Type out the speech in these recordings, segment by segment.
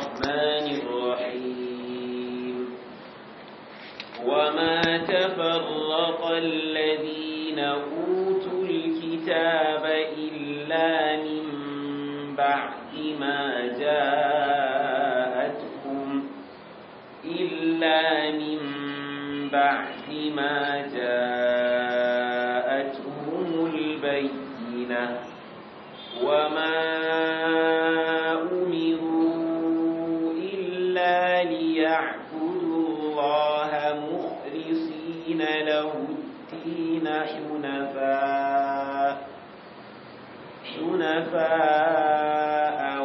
الرحمن الرحيم وما تفرق الذين أوتوا الكتاب إلا من بعد ما جاءتهم إلا من بعد ما جاءتهم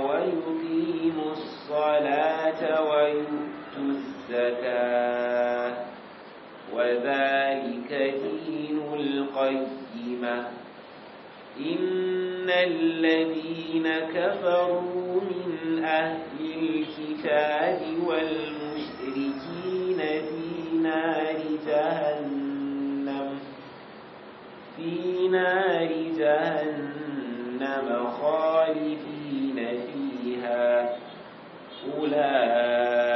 ويقيم الصلاة ويؤت الزكاة وذلك دين إن الذين كفروا من أهل الكتاب والمشركين في نار جهنم في نار جهنم جهنم خالدين فيها أولئك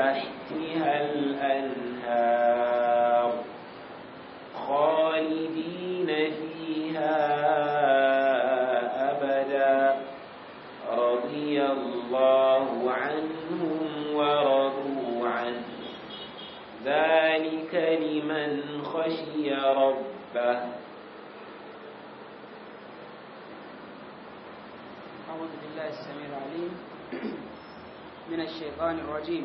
تحتها الأنهار خالدين فيها أبدا رضي الله عنهم ورضوا عنه ذلك لمن خشي ربه أعوذ بالله السميع العليم من الشيطان الرجيم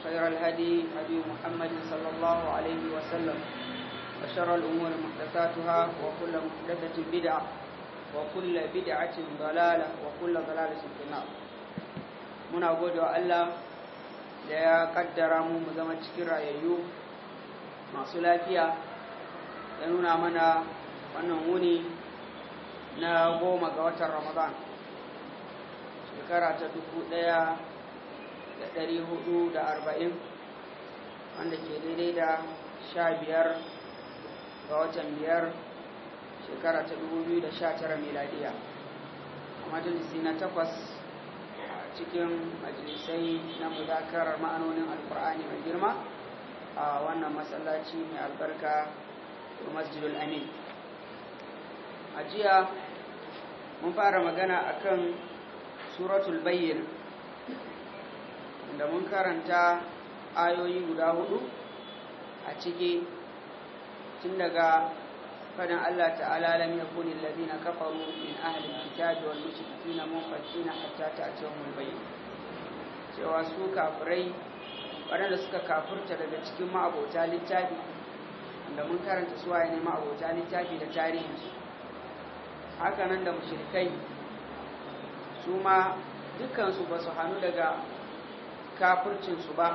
وخير الهدي هدي محمد صلى الله عليه وسلم وشر الأمور محدثاتها وكل محدثة بدعة وكل بدعة ضلالة وكل ضلالة في النار من أقول الله لا قدر مزمة شكرا يو ما سلاكيا ينونا منا ونهوني na goma ga watan ramadan shekara ta dubu ɗaya da ɗari hudu da arba'in wanda ke daidai da sha biyar ga watan biyar shekara ta dubu biyu da sha tara miladiya a majalisi na takwas a cikin majalisai na muzakarar ma'anonin alkur'ani mai girma a wannan masallaci mai albarka masjidul amin a jiya mun fara magana akan suratul bayyana da mun karanta ayoyi guda hudu a ciki tun daga fadin Allah ta'ala lam yakuni alladhina kafaru min ahli alkitabi wal mushrikina munfakina hatta ta'tiyahum albayyin cewa su kafirai waɗanda suka kafurta daga cikin ma'abota littafi da mun karanta su waye ne ma'abota littafi da tarihinsu haka nan da mushrikai su ma dukkansu ba su hannu daga kafircinsu ba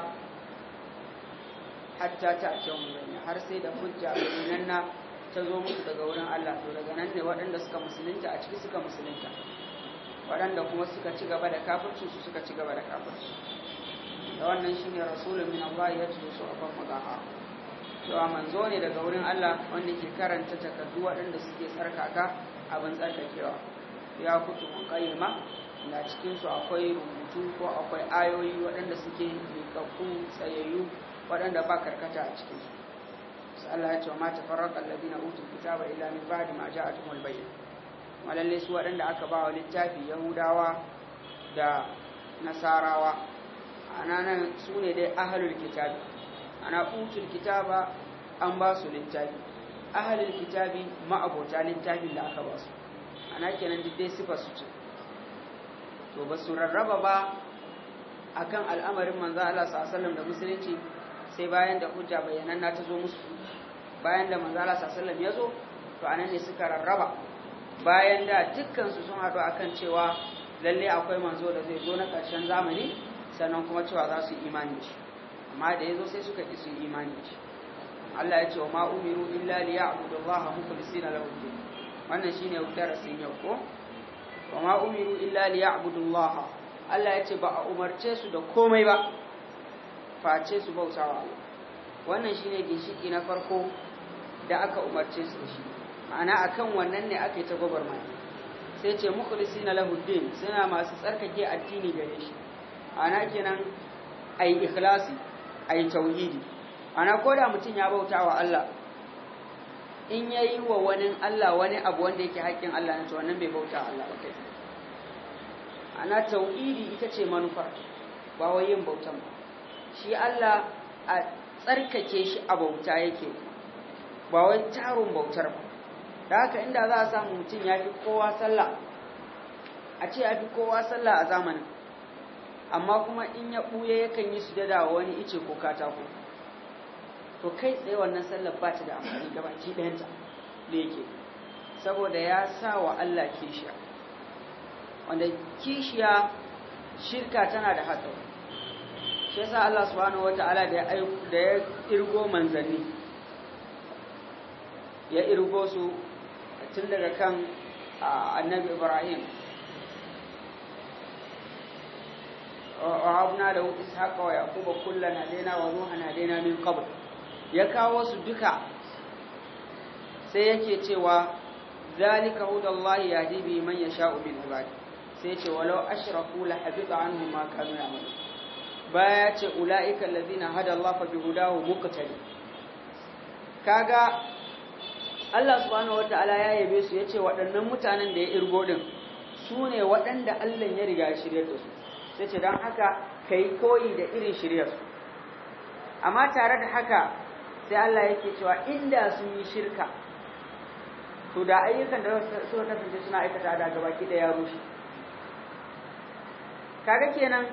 hatta ta ce mummuna har sai da hujja na ta zo musu daga wurin Allah to daga nan ne waɗanda suka musulunta a ciki suka musulunta waɗanda kuma suka ci gaba da kafircinsu suka ci gaba da kafircin? da wannan shine rasulun min Allah ya tuzo su a to cewa manzo ne daga wurin Allah wanda ke karanta takardu waɗanda suke tsarkaka abin tsarkakewa ya kutu mun kayyama na cikinsu akwai rubutu ko akwai ayoyi waɗanda suke miƙaƙƙu tsayayyu waɗanda ba karkata a cikinsu su Allah ya ce wa mata farraka alladina utul kitaba illa min ba'di a ja'atuhumul bayyin malalle su waɗanda aka ba wa littafi yahudawa da nasarawa ana nan su ne dai ahalul kitabi ana utul kitaba an ba su littafi ahalul kitabi ma'abota littafin da aka ba su ana kenan duk dai sifa su ce to ba su rarraba ba a kan al'amarin manzo Allah sallallahu da musulunci sai bayan da hujja na ta zo musu bayan da manzo Allah sallallahu ya zo to anan ne suka rarraba bayan da dukkan su sun haɗu akan cewa lalle akwai manzo da zai zo na ƙarshen zamani sannan kuma cewa za su imani ci amma da ya zo sai suka ƙi su imani ci Allah ya ce wa ma'umiru illa liya'budu Allah mukhlisina lahu wannan shine darasin yau ko wa ma umiru illa liya'budullaha Allah ya ce ba a umarce su da komai ba ce su bautawa Allah wannan shine ginshiki na farko da aka umarce su da shi ma'ana akan wannan ne ake ta gwagwarmaya sai ce mukhlisina lahu suna masu tsarkake addini gare shi ana kenan ai ikhlasi ai tauhidi ana koda mutum ya bautawa Allah in ya yi wa wani Allah wani abu wanda yake haƙƙin Allah na to wannan bai bauta Allah ba kai ana tauhidi ita ce manufa ba yin bautan ba shi Allah a tsarkake shi a bauta yake ba wai tarun bautar ba da haka inda za a samu mutum ya fi kowa sallah a ce ya fi kowa sallah a zamanin amma kuma in ya ɓuya yakan yi sujada wa wani ice ko katako to kai tsaye wannan sallar ba ta da amfani ga baki ɗayanta da yake saboda ya sa wa Allah kishiya wanda kishiya shirka tana da haɗa, shi yasa Allah subhanahu wata'ala da ala da ya irgo manzanni ya irgo su tun daga kan annabi Ibrahim da وعبنا له إسحاق ويعقوب wa هدينا na daina min قبل ya kawo su duka sai yake cewa zalika hudallahi yahdi bi man yasha'u min ibad sai ce walau ashraku la habita anhum ma kanu ya'malu baya ce ulaika allazina hada Allah fa hudahu muqtadi kaga Allah subhanahu wataala ya yabe su yace waɗannan mutanen da ya irgo din su ne waɗanda Allah ya riga ya shirye da su sai ce dan haka kai koyi da irin shiryar su amma tare da haka sai Allah yake cewa inda sun yi shirka to da ayyukan da suka tafi suna aikata da gabaki da ya rushe kaga kenan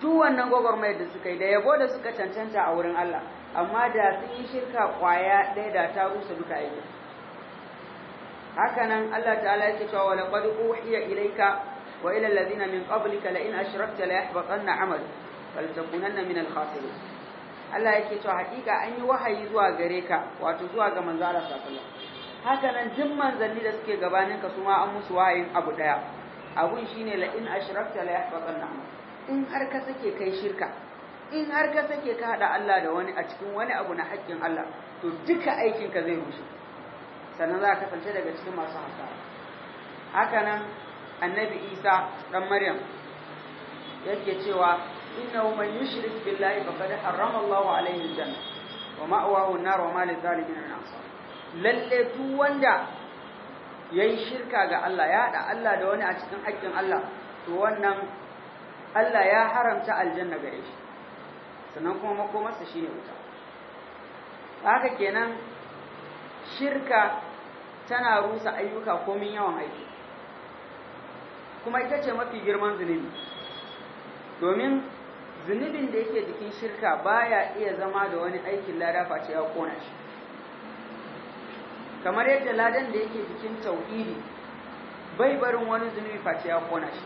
duk wannan mai da suka yi da yabo da suka cancanta a wurin Allah amma da sun yi shirka kwaya ɗaya da ta rusa duka aiki hakanan Allah ta'ala yake cewa wa laqad uhiya ilayka wa ila alladhina min qablika la in ashrakta la yahbatanna 'amal fal takunanna min al Allah yake cewa hakika an yi wahayi zuwa gare ka wato zuwa ga Manzara, Allah sallallahu alaihi wasallam haka nan duk manzanni da suke gabanin ka su ma an musu wahayin abu daya abun shine la in ashrakta la yahbatanna in har ka sake kai shirka in har ka sake ka hada Allah da wani a cikin wani abu na haƙƙin Allah to duka aikin ka zai rushe sannan za ka kasance daga cikin masu hasara haka nan annabi Isa dan Maryam yake cewa إنه من يشرك بالله فقد حرم الله عليه الجنة ومأواه النار وما للظالمين من للتو yayi shirka ga Allah ya haɗa Allah da wani a cikin haƙƙin Allah to wannan Allah ya haramta aljanna gare shi sannan kuma makomarsa shine wuta haka kenan shirka tana rusa ayyuka komin yawan aiki kuma ita ce mafi girman zunubi domin zunubin da yake jikin shirka baya iya zama da wani aikin lada ce ya kona shi kamar yadda ladan da yake jikin tauhidi bai barin wani zunubi face ya kona shi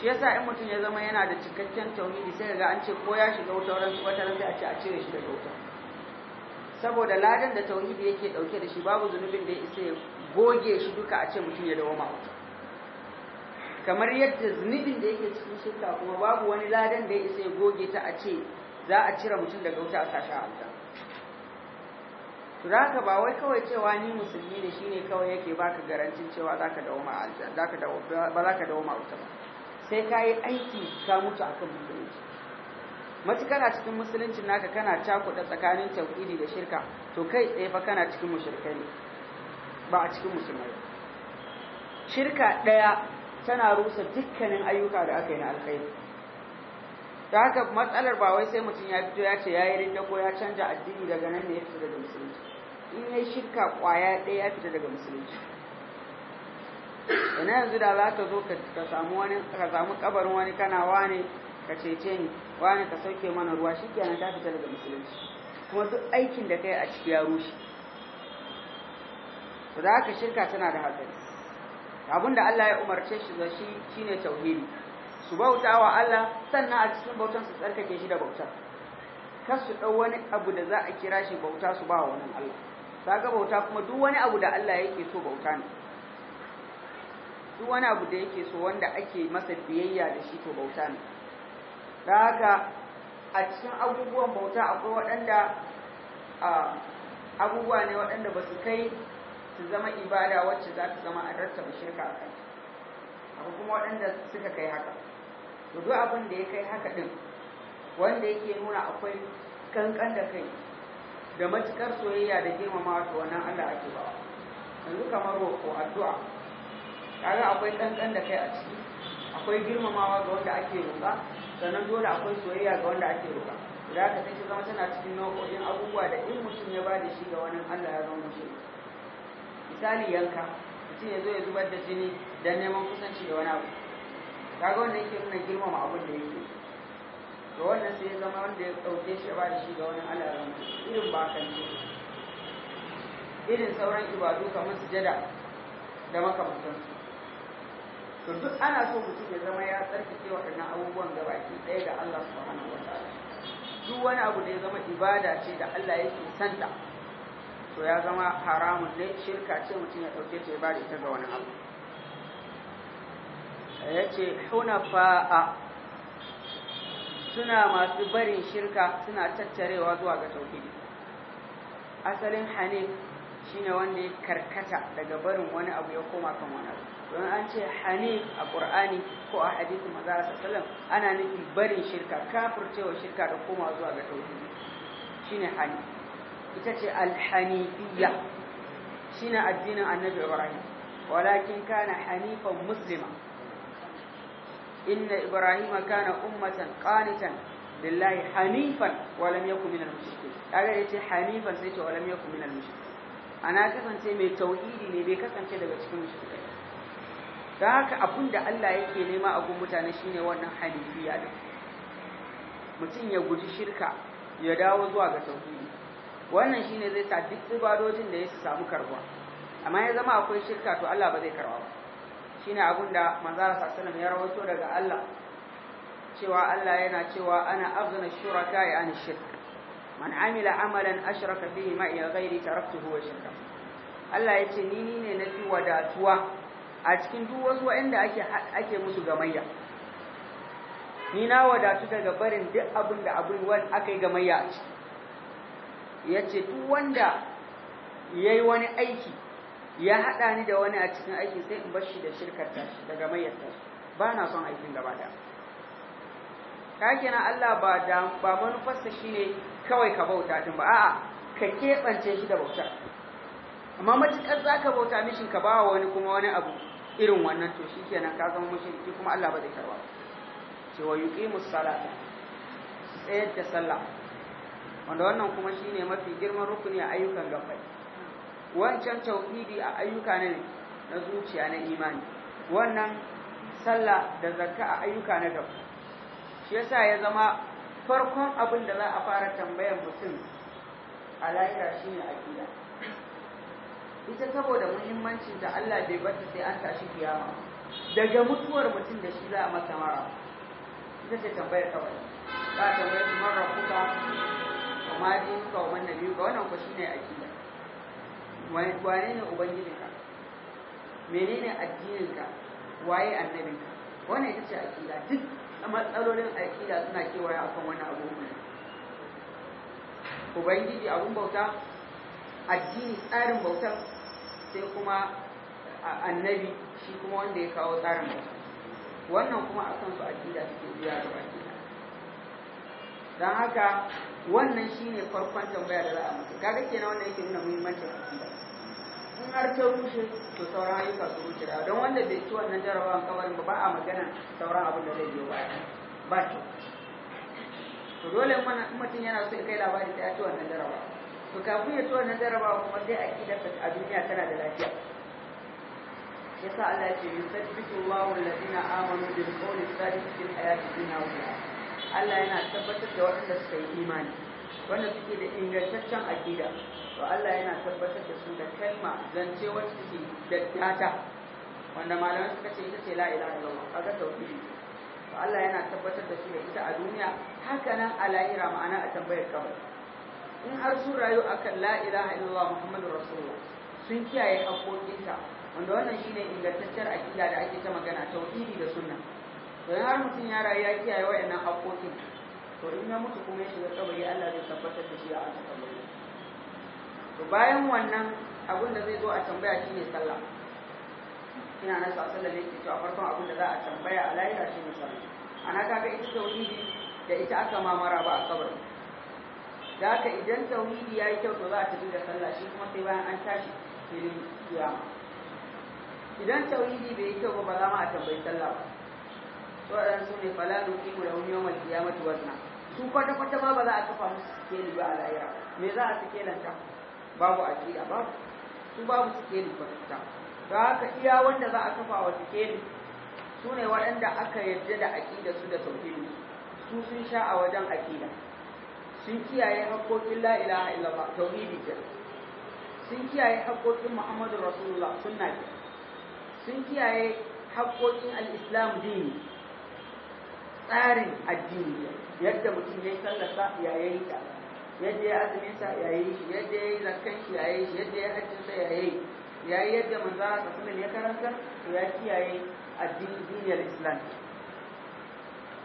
shi yasa in mutum ya zama yana da cikakken tauhidi sai ga an ce ko ya shiga wuta wurin wata a ce a cire shi da wuta saboda ladan da tauhidi yake dauke da shi babu zunubin da ya isa ya goge shi duka a ce mutum ya dawo ma wuta kamar yadda zunubin da yake cikin shirka kuma babu wani ladan da ya isa ya goge ta a ce za a cire mutum daga wuta a sashi a aljanna Zaka ba wai kawai cewa ni musulmi ne shine kawai yake baka garantin cewa zaka dawo ma aljanna zaka dawo ba zaka dawo ma wuta sai kai aiki ka mutu akan musulunci matukar a cikin musulunci naka kana cakuɗa tsakanin tauhidi da shirka to kai tsaye fa kana cikin mushrikai ne ba a cikin musulmai shirka daya tana rusa dukkanin ayyuka da aka yi na alkhairi da haka matsalar ba wai sai mutum ya fito ya ce ya yi rinda ko ya canja addini daga nan ne ya fita daga musulunci in ya shirka kwaya ɗaya ya fita daga musulunci ina yanzu da za ka zo ka samu wani ka samu kabarin wani kana wani ka cece ni wani ka sauke mana ruwa shi kenan ta fita daga musulunci kuma duk aikin da kai a ciki ya rushe to da haka shirka tana da hatsari abinda Allah ya umarce shi da shi shine tauhidi su bauta wa Allah sannan a cikin bautan su tsarkake shi da bautar kar su dau wani abu da za a kira shi bauta su ba wa wannan Allah kaga bauta kuma duk wani abu da Allah yake so bauta ne duk wani abu da yake so wanda ake masa biyayya da shi to bauta ne da a cikin abubuwan bauta akwai waɗanda abubuwa ne waɗanda ba su kai su zama ibada wacce za ta zama a rattaba shirka a kai? abu kuma waɗanda suka kai haka to duk abin da ya kai haka ɗin wanda yake nuna akwai kankan da kai da matukar soyayya da girmama ta wannan Allah ake bawa yanzu kamar roƙo addu'a kaga akwai kankan da kai a ciki akwai girmamawa ga wanda ake roƙa sannan dole akwai soyayya ga wanda ake roƙa da aka sai zama tana cikin nau'o'in abubuwa da in mutum ya ba da shi ga wani Allah ya zama mutum. misali yanka mutum ya zo ya zubar da jini don neman kusanci da wani abu kaga wanda yake nuna girmama abin da yake to wannan sai ya zama wanda ya ɗauke shi ba da shi ga wani al'adun irin bakanci irin sauran ibadu kamar sujada da makamantansu to duk ana so mutum ya zama ya tsarkake waɗannan abubuwan da baki ɗaya ga Allah subhanahu wa ta'ala duk wani abu da ya zama ibada ce da Allah yake santa to ya zama haramun ne shirka ce mutum ya ɗauke ta ya ba ita ga wani abu ya ce hunafa'a suna masu barin shirka suna tattarewa zuwa ga tauhidi asalin shi shine wanda ya karkata daga barin wani abu ya koma kan wani abu don an ce hane a ƙur'ani ko a hadisi maza sassalam ana nufin barin shirka kafircewa shirka da koma zuwa ga tauhidi shine hane ita ce alhanifiyya ne addinin annabi ibrahim walakin kana hanifan muslima inna ibrahim kana ummatan qanitan lillahi hanifan wa lam yakun minal mushrikeen kaga yace hanifan sai ce walam lam yakun minal mushrikeen ana kasance mai tauhidi ne bai kasance daga cikin mushrikai don haka abin da Allah yake nema a gun mutane shine wannan hanifiya da mutum ya guji shirka ya dawo zuwa ga tauhidi wannan shi ne zai sa duk ibadojin da ya samu karbuwa amma ya zama akwai shirka to Allah ba zai karba ba Shi ne abin da manzara sassanin ya rawato daga Allah cewa Allah yana cewa ana afzana shuraka ya an shirk man amila amalan ashraka fihi ma ya ghairi taraktuhu wa shirka Allah ya ni ni ne na fi wadatuwa a cikin duk wasu wanda ake ake musu gamayya ni na wadatu daga barin duk abin da abin wani aka yi gamayya a ciki ya ce duk wanda ya yi wani aiki ya haɗa ni da wani a cikin aiki sai in bashi da shirkar tashi daga mayar tashi ba na son aikin gaba da kakina Allah ba da ba manufarsa ne kawai ka bauta din ba a'a ka keɓance shi da bauta amma matuƙar za ka bauta mishin ka ba wani kuma wani abu irin wannan to shi kenan ka zama mushriki kuma Allah ba zai karba ce wa yuqimus tsayar da sallah wanda wannan kuma shi ne mafi girman rukuni a ayyukan gabbai wancan tauhidi a ayyuka ne na zuciya na imani wannan sallah da zakka a ayyuka na gaba shi yasa ya zama farkon abin da za a fara tambayar mutum a lahira a aqida ita saboda muhimmancin da Allah bai bata sai an tashi kiyama daga mutuwar mutum da shi za a masa mara ita ce tambayar kawai Ba tambayar su rafuka Amma dinin ka wannan biyu, ga wannan ku shine aqida Wani ne ka? menene addininka waye annabinka wannan ita ce aqida duk matsalolin aqida suna kewaya akan wani abu ubangiji abun bauta addini tsarin bautar sai kuma annabi shi kuma wanda ya kawo tsarin bauta. wannan kuma akan su aqida suke biya gaba don haka wannan shine farkon tambaya da za a masa kaga kenan wannan yake nuna muhimmancin aqida in har ta rushe to sauran ayyuka su rushe da don wanda bai ci wannan jarabawan kawarin ba ba a magana sauran abin da zai biyo baya ba to to dole in mutum yana so ya kai labari sai ya ci wannan jarabawa to kafin ya ci wannan jarabawa kuma sai aqidarsa a duniya tana da lafiya yasa Allah ya ce yusabbitu Allahu alladhina amanu bil qawli thabit fil hayati dunya wal akhirah Allah yana tabbatar da waɗanda suka yi imani wanda suke da ingantaccen aƙida to Allah yana tabbatar da su da kalma zance wacce take da data wanda malaman suka ce ita ce la ilaha illallah kaga tauhidi to Allah yana tabbatar da su da ita a duniya haka nan a lahira ma'ana a tambayar kabar in har sun rayu akan la ilaha illallah muhammadur rasulullah sun kiyaye haƙoƙinsa, wanda wannan shine ingantaccen aƙida da ake ta magana tauhidi da sunna to in har mutum ya rayu ya kiyaye wa'annan haƙoƙin to in ya mutu kuma ya shiga kabari Allah zai tabbatar da shi a wata kabari to bayan wannan abin da zai zo a tambaya ne sallah ina nan sa sallah ne to a farkon abin da za a tambaya a lahira ne sallah ana ga ita tauhidi da ita aka mamara ba a kabari da haka idan tauhidi ya yi kyau to za a tafi da sallah shi kuma sai bayan an tashi filin kiyama idan tauhidi bai yi kyau ba ba za mu a tambayi sallah ba waɗanda su ne Falalu nuki mu lahum yawmal qiyamati wazna su kwata kwata ma ba za a kafa musu sikeli ba a lahira me za a sikelanta babu aqida ba su babu sikeli kwata kwata don haka iya wanda za a kafa wa sikeli su ne waɗanda aka yarda da aƙida su da tauhidi su sun sha a wajen aƙida. sun kiyaye haƙƙoƙin la ilaha illallah tauhidi kenan sun kiyaye haƙƙoƙin Muhammadu Rasulullah sunna sun kiyaye haƙƙoƙin al-Islam dini tsarin addini yadda mutum ya yi sallarsa ya yi ta yadda ya azumin sa ya yi shi yadda ya yi zakkan shi ya yi shi yadda ya hajjin sa ya yi ya yi yadda manzo Allah sallallahu ya karanta to ya kiyaye addinin duniyar Islam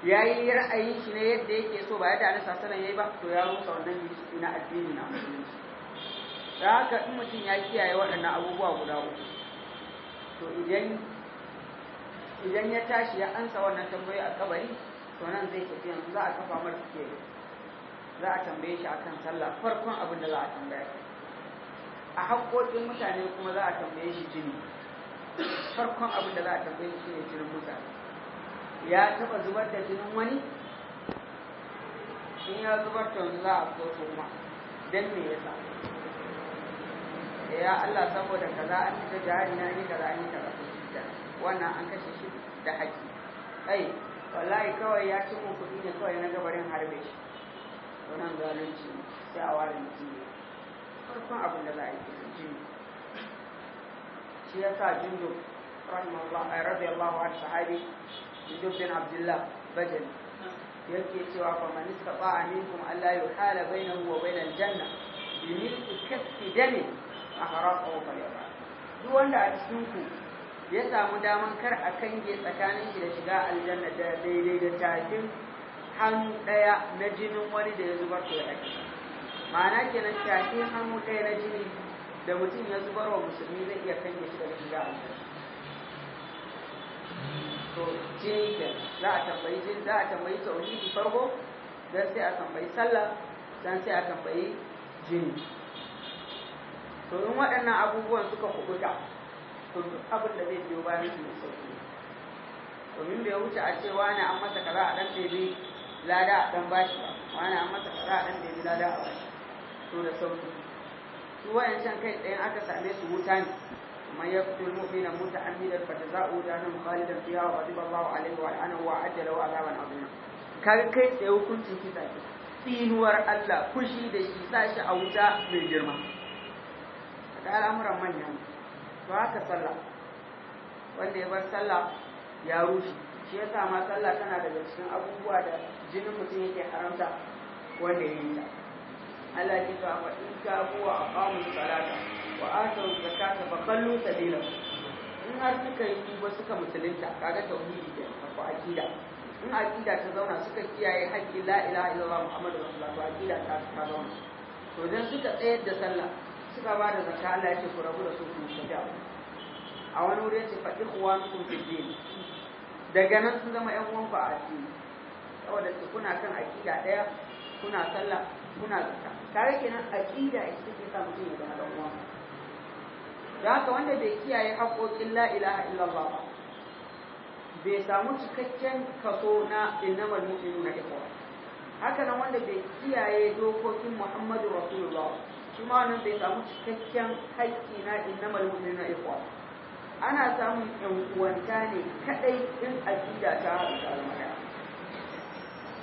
ya yi ra'ayin shi ne yadda yake so ba yadda Allah sallallahu ya yi ba to ya rusa wannan shi na addini na musulunci da haka in mutum ya kiyaye waɗannan abubuwa guda uku to idan idan ya tashi ya ansa wannan tambayoyi a kabari to nan zai tafi yanzu za a kafa mar suke za a tambaye shi akan sallah farkon abin da za a tambaya a haƙoƙin mutane kuma za a tambaye shi jini farkon abin da za a tambaye shi ne jinin mutane ya taɓa zubar da jinin wani in ya zubar da wani za a so ma don me yasa ya Allah saboda kaza an yi ta jari na ni kaza an yi kaza wannan an kashe shi da haƙi ai wallahi kawai ya ci kuɗi ne kawai na gabarin harbe shi wannan zalunci sai a ware mutum ne farkon abin da za a yi jini shi ya sa jundu eh, radiyallahu anhu sahabi jundu bin abdullah bajali yake cewa fa man istata'a minkum alla yuhala bainahu wa bainal janna bi milki kasfi dami ahraqahu falyafal duk wanda a cikin ku ya samu daman kar a kange tsakanin shi da shiga aljanna da daidai da tafin hannu ɗaya na jinin wani da ya zubar da ya ma'ana kenan tafin hannu ɗaya na jini da mutum ya zubar wa musulmi zai iya kange shi da shiga aljanna to jini ke za a tambayi jini za a tambayi tauhidi farko dan sai a tambayi sallah dan sai a tambayi jini to in waɗannan abubuwan suka kubuta to abin da zai biyo bayan shi ne sauki domin bai wuce a ce wani an masa kaza a dan ɗebe lada a dan bashi ba wani an masa kaza a dan ɗebe lada a bashi to da sauki su wayancan kai ɗayan aka same su wuta ne من يقتل مؤمنا متعمدا فجزاؤه جهنم خالدا فيها وغضب الله عليه ولعنه واعد له عذابا عظيما kaga kai tsaye hukuncin kisa ke tsinuwar Allah kushi da shi sa shi a wuta mai girma da al'amuran manyan ne to haka sallah wanda ya bar sallah ya rushe shi yasa ma sallah tana daga cikin abubuwa da jinin mutum yake haramta wanda ya yi ta Allah ya ce wa in ka huwa aqamu salata wa atu zakata fa qallu sabila in har suka yi ba suka musulunta kaga tauhidi da ko akida in akida ta zauna suka kiyaye haƙƙi la ilaha illallah muhammadu rasulullah akida ta ta zauna to dan suka tsayar da sallah suka ba da zaka Allah ya ce ku rabu da su ku shiga a wani wuri ya ce faɗi kuwanukum fi din daga nan sun zama ƴan ku a addini saboda su kuna kan aƙida ɗaya kuna sallah kuna zaka tare kenan aƙida ita take sa mutum ya zama ɗan uwan da haka wanda bai kiyaye haƙoƙin la ilaha illallah ba bai samu cikakken kaso na innamal mu'minuna ikhwa haka nan wanda bai kiyaye dokokin Muhammadu Rasulullah shi ma wannan bai samu cikakken haƙƙi na innamal na ikhwa ana samun yan uwanta ne kadai in aqida ta haɗu da almaya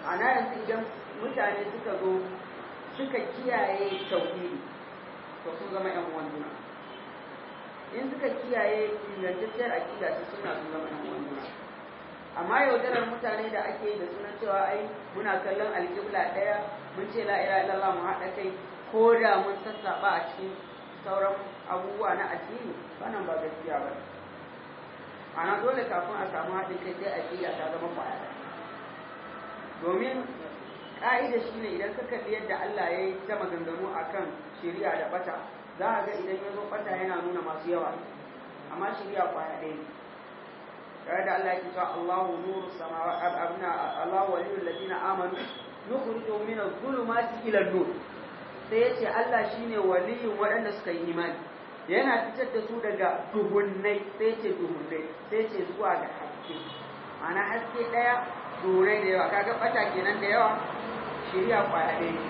ana yanzu idan mutane suka zo suka kiyaye tauhidi to sun zama yan uwan juna in suka kiyaye ingantacciyar aqida ta suna sun zama yan uwan juna amma yaudarar mutane da ake da sunan cewa ai muna kallon alƙibla ɗaya mun ce la ilaha illallah mu haɗa kai ko da mun sassaɓa a cikin sauran abubuwa na addini wannan ba gaskiya ba ana dole kafin a samu haɗin kai sai addini ta zama ƙwaya domin ƙa'ida shine idan ka kalli yadda Allah ya yi ta maganganu akan shari'a da bata za a ga idan ya zo bata yana nuna masu yawa amma shari'a ƙwaya ɗaya tare da Allah ya kisa Allahu nuru samawa abna Allahu waliyul ladina amanu yukhrijum min adh-dhulumati ila nur sai ya ce Allah shine waliyin waɗanda suka yi imani yana fitar da su daga duhunnai sai ce duhunnai sai ce zuwa ga haske ana haske ɗaya durai da yawa kaga bata kenan da yawa shirya kwaya ɗaya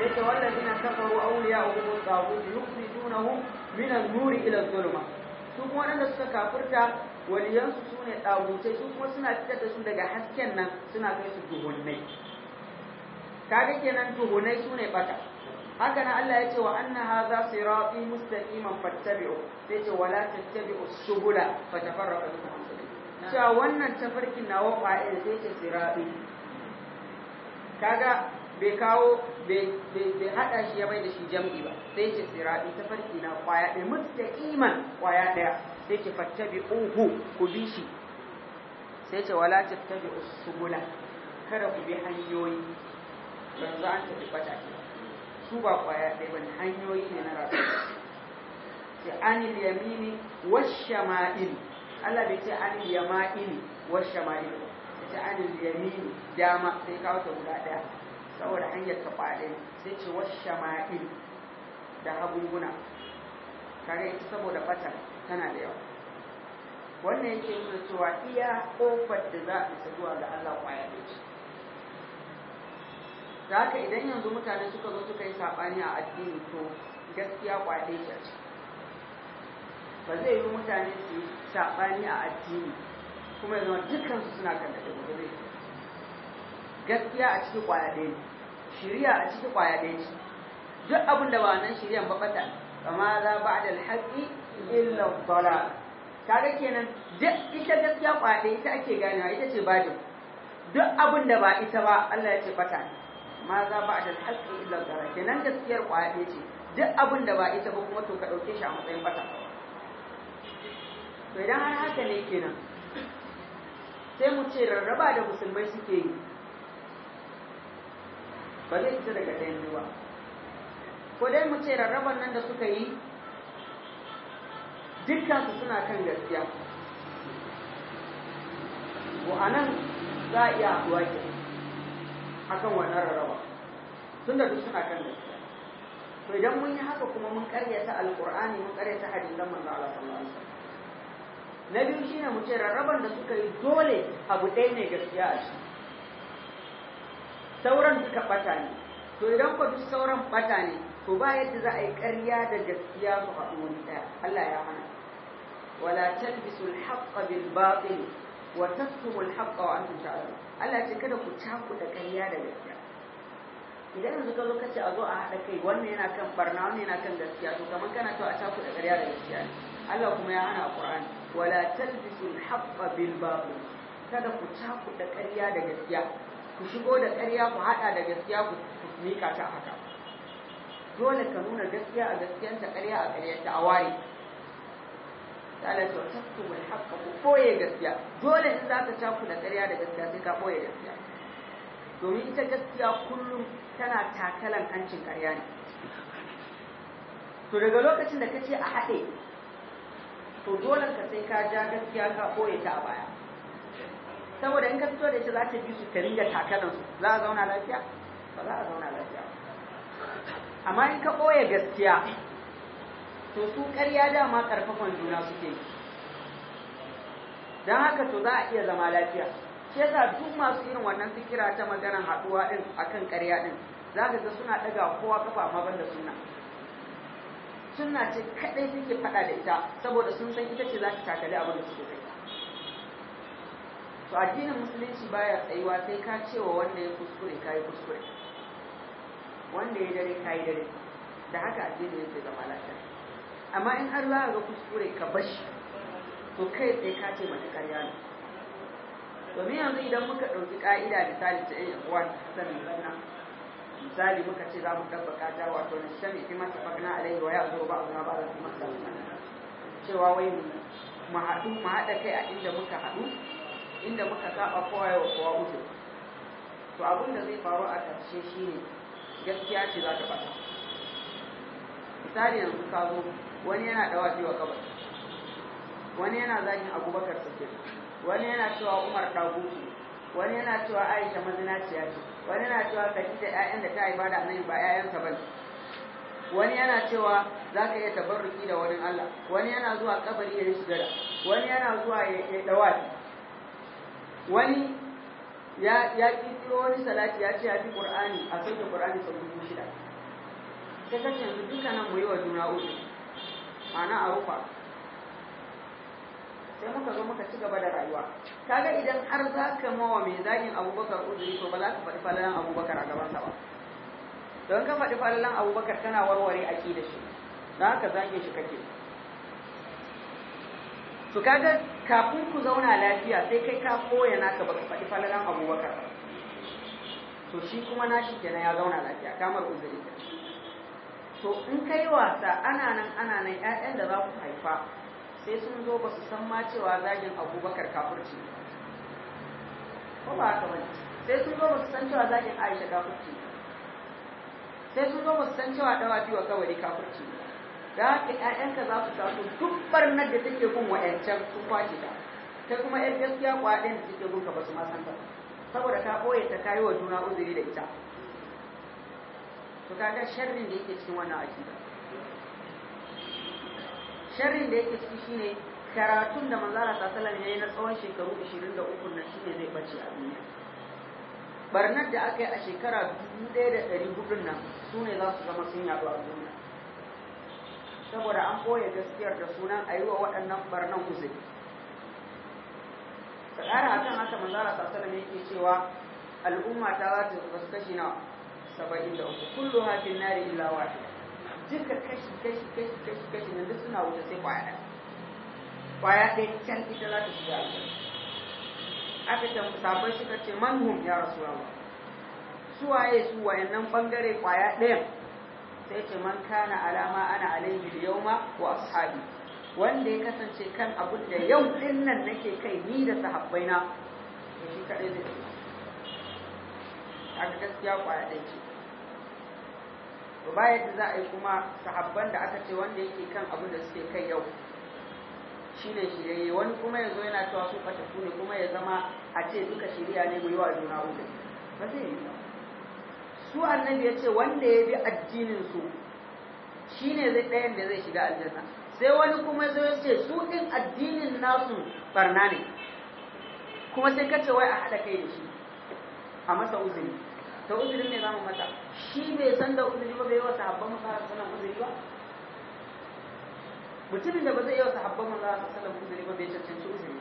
sai ce wallazi na kafaru auliya ubu tsabu yukritunahum min al nuri ila zulma su kuma waɗanda suka kafirta waliyansu su ne ɗabutai su kuma suna fitar da su daga hasken nan suna kai su duhunnai kaga kenan duhunnai su ne bata haka nan Allah ya ce wa anna hadha sirati mustaqiman fattabi'u sai ce wala tattabi'u subula fatafarraqa bikum an sabili cewa wannan tafarkin nawa fa'ida sai ce sirati kaga bai kawo bai hada shi ya bai da shi jam'i ba sai ce sirati tafarki na kwaya ɗaya mustaqiman kwaya ɗaya sai ce fattabi'uhu ku bi shi sai ce wala tattabi'u subula kada ku bi hanyoyi yanzu an tafi ke. su ba kwaya ɗaya hanyoyi ne na rayuwa sai anil yamini ma'in Allah bai ce anil yama'il ma'in ba ce anil yamini dama sai kawo ta guda ɗaya saboda hanyar ta faɗe sai ce ma'in da habunguna. kare ita saboda fata tana da yawa wannan yake nuna cewa iya ƙofar da za a isa zuwa ga Allah kwaya da haka idan yanzu mutane suka zo suka yi saɓani a addini to gaskiya kwaɗe shi a ba zai yi mutane su yi saɓani a addini kuma yanzu dukkan su suna kan da ba zai gaskiya a ciki kwaya ɗaya ne shirya a ciki kwaya ɗaya duk abin da ba nan shiryan ba fata. kama za ba da alhaƙi illa bala kaga kenan duk ita gaskiya kwaya ɗaya ita ake ganewa ita ce bajin duk abin da ba ita ba Allah ya ce fata. ne ma za ba da haske illa zara kenan gaskiyar kwaya ce duk abin da ba ita ba kuma to ka ɗauke shi a matsayin bata to idan har haka ne kenan sai mu ce rarraba da musulmai suke yi ba zai ita daga ɗayan ruwa ko dai mu ce rarraban nan da suka yi dukkansu suna kan gaskiya ko anan za a iya haɗuwa kenan akan wannan rarraba tun da duk suna kan gaskiya to idan mun yi haka kuma mun karyata alkur'ani mun karyata hadisan manzo Allah sallallahu alaihi na biyu shine mu ce rarraban da suka yi dole abu ɗaya ne gaskiya a shi sauran duka ɓata ne to idan ku duk sauran ɓata ne to ba yadda za a yi ƙarya da gaskiya su haɗu wani ɗaya Allah ya hana wala talbisul haqqa bil batil wa tasbihul haqqa wa antum ta'lamun Allah ce kada ku taku da ƙarya da gaskiya idan yanzu ka zo kace a zo a haɗa kai wannan yana kan barna wannan yana kan gaskiya to kamar kana to a taku da ƙarya da gaskiya ne Allah kuma ya hana Qur'ani wala talbisul haqqa bil batil kada ku taku da ƙarya da gaskiya ku shigo da ƙarya ku haɗa da gaskiya ku mika ta haka dole ka nuna gaskiya a gaskiyanta ƙarya a ƙaryanta a ware ta'ala ta tattu wal haqqa ku boye gaskiya dole in za cakula taku da ƙarya da gaskiya sai ka boye gaskiya domin ita gaskiya kullum tana takalan hancin ƙarya ne to daga lokacin da kace a haɗe to dole ka sai ka ja gaskiya ka boye ta a baya saboda in ka fito da ita za ta bi su ta ringa takalan su za a zauna lafiya ba za a zauna lafiya amma in ka boye gaskiya to su ƙarya dama ƙarfafan juna suke yi don haka to za a iya zama lafiya shi yasa duk masu irin wannan fikira ta maganar haɗuwa ɗin akan ƙarya ɗin za ka ga suna ɗaga kowa kafa amma ban da sunna sunna ce kaɗai suke faɗa da ita saboda sun san ita ce za ta takali abin da suke kai to addinin musulunci baya tsayuwa sai ka cewa wanda ya kuskure ka kuskure wanda ya dare ka yi dare da haka addinin yake zama lafiya amma in har za a ga kuskure ka bashi to kai tsaye ka ce mata karya ne domin yanzu idan muka ɗauki ƙa'ida misali ta iya uwa ta sanin zanna misali muka ce za mu ɗabbaka ta wato na shan ita mata fagna alaihi wa ya zo ba a ba da kuma cewa wai mu haɗu mu haɗa kai a inda muka haɗu inda muka saba kowa yau kowa uku to abin da zai faru a ƙarshe shine gaskiya ce za ta faɗa misali yanzu ka zo wani yana dawafi wa kabar wani yana zagin abubakar suke wani yana cewa umar dagutu wani yana cewa aisha mazinaciya ce wani yana cewa da ƴaƴan da ta haifa da annabi ba ƴaƴansa bane wani yana cewa za ka iya tabarruki da wurin Allah wani yana zuwa kabari ya yi sujada wani yana zuwa ya dawafi wani ya ki tiro wani salati ya ce ya fi qur'ani a sauke qur'ani sau dubu shida sai kace yanzu dukkanin nan mu yi wa juna uku ma'ana a rufa sai muka zo muka ci gaba da rayuwa kaga idan har za ka mawa mai zagin abubakar uzuri to ba za ka faɗi falalan abubakar a gabansa ba don ka faɗi falalan abubakar kana warware aki da shi don haka zage shi kake su kaga kafin ku zauna lafiya sai kai ka koya naka baka faɗi falalan abubakar to shi kuma shi kenan ya zauna lafiya kamar uzuri kenan to in kai wasa ana nan ana nan ƴaƴan da za ku haifa sai sun zo ba su san ma cewa zagin abubakar kafurci ko ba haka bane sai sun zo ba su san cewa zagin aisha kafurci sai sun zo ba su san cewa dawa biyu kawai ne kafurci da haka ƴaƴanka za su taso duk barnar da take gun wa'yancan sun kwace ta ta kuma ƴan gaskiya kwaɗin da take gun ka ba su ma san ta saboda ka ɓoye ta kayi wa juna uzuri da ita to kaga sharrin da yake cikin wannan akida sharrin da yake ciki shine karatun da manzara ta ya yi na tsawon shekaru 23 shi shine zai bace a duniya barnar da aka yi a shekara 1400 nan su ne za su zama sun yaɗu a duniya saboda an ɓoye gaskiyar da sunan a yi wa waɗannan barnan uzuri tsakara a kan haka manzara ta sallar yake cewa al'umma ta za ta kashi na saba'in da uku kullu hafin nari illa wahida duka kashi kashi kashi kashi kashi nan duk suna wuce sai kwaya ɗaya kwaya ɗaya can ita za ta shiga aljanna aka can sabon shi ka ce manhum ya rasu su waye su wayannan bangare kwaya ɗaya? sai ce man kana alama ana alayhi ma ko ashabi wanda ya kasance kan abin da yau ɗin nan nake kai ni da sahabbaina shi kaɗai zai ga gaskiya kwaya ɗaya ce to ba yadda za a yi kuma sahabban da aka ce wanda yake kan abin da suke kai yau shine shirye wani kuma ya zo yana cewa su fatattu ne kuma ya zama a ce duka shirya ne mu yi wa juna uku ba zai yi ba su annabi ya ce wanda ya bi addinin su shine zai ɗayan da zai shiga aljanna sai wani kuma zai ya ce su ɗin addinin nasu barna ne kuma sai ka ce wai a haɗa kai da shi a masa uzuri ta uzurin ne zamu mata shi bai san da uzuri ba bai wa sahabban manzo sallallahu alaihi uzuri ba mutumin da ba zai yi wa sahabban manzo sallallahu alaihi uzuri ba bai cancanci uzuri